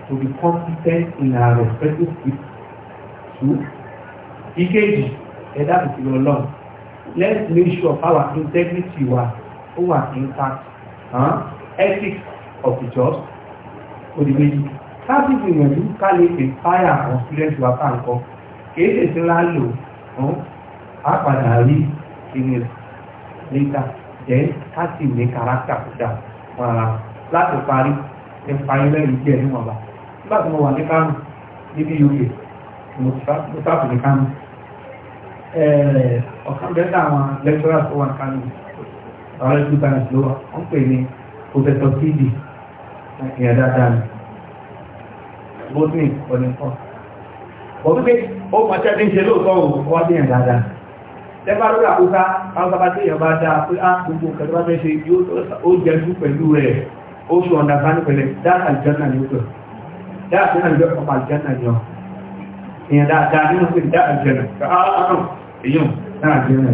to be competent in our respective fields. Ìkejì ẹ̀dá kò sí lọ lọ let's make sure our integrity wa ó wà intact ethics of the just òdìbejì láti gbìyànjú ká lè pè fire àwọn students wa bá nǹkan kìí ṣe tí ńlá lò fún àpàdà rí ìrìn níta jẹ́ ká sì ní kàrákà kúta láti parí ìparí lẹ́yìn díẹ̀ níwọ̀nba nígbà tí mo wà ní kánò níbi UK mo sáàpù ní kánò Eh, ọ̀kan bẹ́ẹ̀ náà àwọn lẹ́kítọ́rà tó wà kánú àwọn ẹgbẹ́ bá ló wà wọ́n pè ní professor td ìyẹn dáadáa ni botany onífọ́ òbí pé ó pàṣẹ ní ṣe lóòótọ́ òun wá sí yẹn dáadáa lẹ́gbàá lórí àkókò àwọn bàbá tí èèyàn bá dá pé á ah, gbogbo kẹta bá fẹ́ ṣe ó jẹjú pẹ̀lú rẹ̀ ó ṣe ọ̀nà bá ní pẹ̀lẹ́ dáàtà ìjọ́nà ni ó pẹ̀ dáàtà ìjọ́nà ni ó pẹ̀ ìyẹn dáadáa nínú pé dáàtà ìjọ́nà èyàn nàìjíríà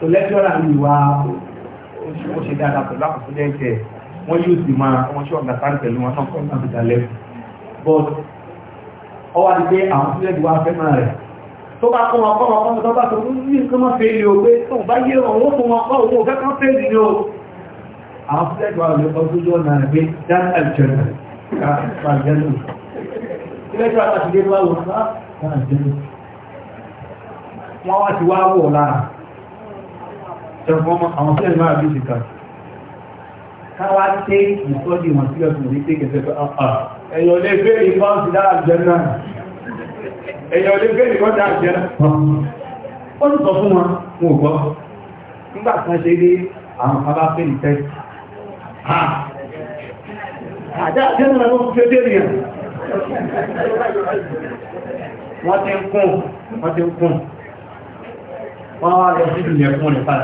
tó lẹ́jọ́rà ní ìwà ó ṣe dáadáa pẹ̀lú àkókò lẹ́jẹ̀ wọ́n yóò sì máa wọ́n ṣe ọ̀gá sáré pẹ̀lú wọn náà kọ́ náà fìdá but ọ wá ní pé àwọn sílẹ̀dì wá fẹ́ máa rẹ̀ tó bá kọ́ wọn kọ́ wọn kọ́ tó bá tó ní ní nǹkan máa fẹ́ lè o pé tó bá yé wọn wọ́n tó wọn kọ́ òun ò fẹ́ kán fẹ́ lè o àwọn sílẹ̀dì wá rẹ̀ tó jọ náà rẹ̀ pé wọ́n wá ti wá wọ̀ lára ẹ̀fọ́n àwọn sílẹ̀ máa bí ṣìkà káwá tẹ́ ìtọ́jú wọn sílẹ̀ fún orí tẹ́ kẹsẹ̀ fẹ́ ah, ah, ẹ̀yọ̀ lè bẹ́ẹ̀ ìfọ́n sí dára jẹ́ náà ẹ̀yọ̀ lè bẹ́ẹ̀ ìfọ́n dára jẹ́ náà ó ń sọ fún wọn wọn ò gbọ́ nígbà kan ṣe dé àwọn bàbá wọ́n wá lọ sí ni fún rẹ̀ padà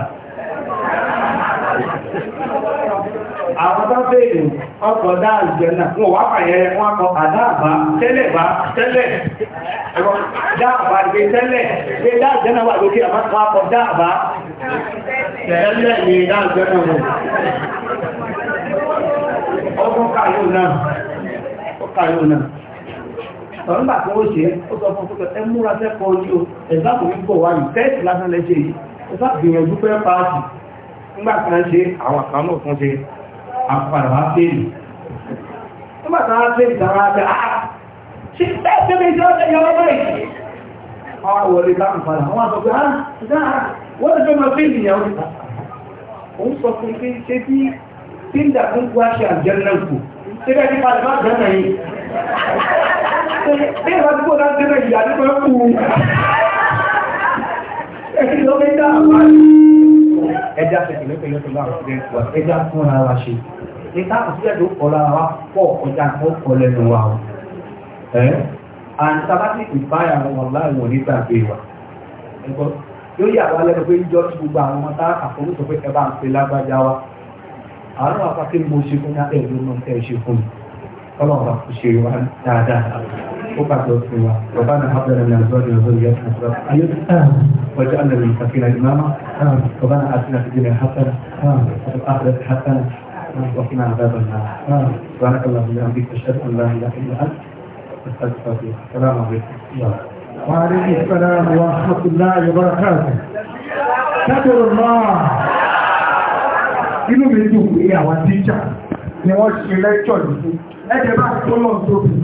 àwọn tó bèèrè ọkọ̀ dáa ìjẹ náà wọ́n wá pàyẹ wọ́n kọ àdáàbá tẹ́lẹ̀ bá tẹ́lẹ̀ dáàbá gbé tẹ́lẹ̀ gbé dáàjẹ́ náà wà lókè àmọ́kọ̀ akọ̀ dáàbá tẹ́lẹ̀ ní dáàjẹ́ náà wọ́n ọdún kàyò náà ọ̀rọ̀ nígbà tó ó ṣe ó sọ fún ọkọ̀ ẹ múra sẹ́kọ̀ọ́ ní o ẹ̀dá kò ní bọ̀ wá yìí tẹ́ẹ̀tì lásán lẹ́ṣẹ̀ yìí ó sá gbìyànjú pẹ́ páàkì nígbà kan ṣe àwọn kan náà tún ṣe àpàdà wá fèèrè nígbà kan á fèèrè tàwọn abẹ àá ṣe bẹ́ẹ̀ tó bí ṣe ó yọ báyìí àwọn wọlé táwọn padà àwọn àtọ̀gbẹ́ á wọ́n ti ah, ah, fẹ́ máa fèèrè yẹn òun fún ṣe bí tí Bí ìwà tí kò náà ti rẹ̀ ìyà nípa kú. Ẹ̀sìn ló fi dá àwọn ẹja ṣẹ̀kẹ̀lẹ́ pẹ̀lú ọ̀tọ̀ láwọn ọ̀sẹ̀ wa ẹja fún ara wa ṣe. Ìta òṣìṣẹ́ tó kọ́ lára wa pọ̀ ọjà tó kọ́ lẹ́nu wa. Ẹ́ àti sábàtì ìbáyà wọn láìwọ̀n nígbà gbé wa. Ẹ̀kọ́ yóò yà wá lẹ́nu pé ìjọ ọlọ́run bá fi ṣe wá dáadáa ó pàṣẹ òfin wa bàbá náà bá bẹ̀rẹ̀ náà zọ́ọ̀dì ọ̀zọ́ọ̀dì yẹn fún ọ̀sán ayé wọ́jọ́ àná mi kàfin náà ìmáàmá bàbá náà àti náà fìdí náà hasan àti àfẹ́ hasan وقنا عذاب النار سبحانك اللهم وبحمدك اشهد ان لا اله الا انت استغفرك السلام عليكم وعليكم السلام ورحمه الله وبركاته كبر الله inú mi dùn pé àwọn tíjà ni wọ́n ṣe lẹ́jọ́ yìí ẹ̀jẹ̀ bá ti tó lọ́n tóbi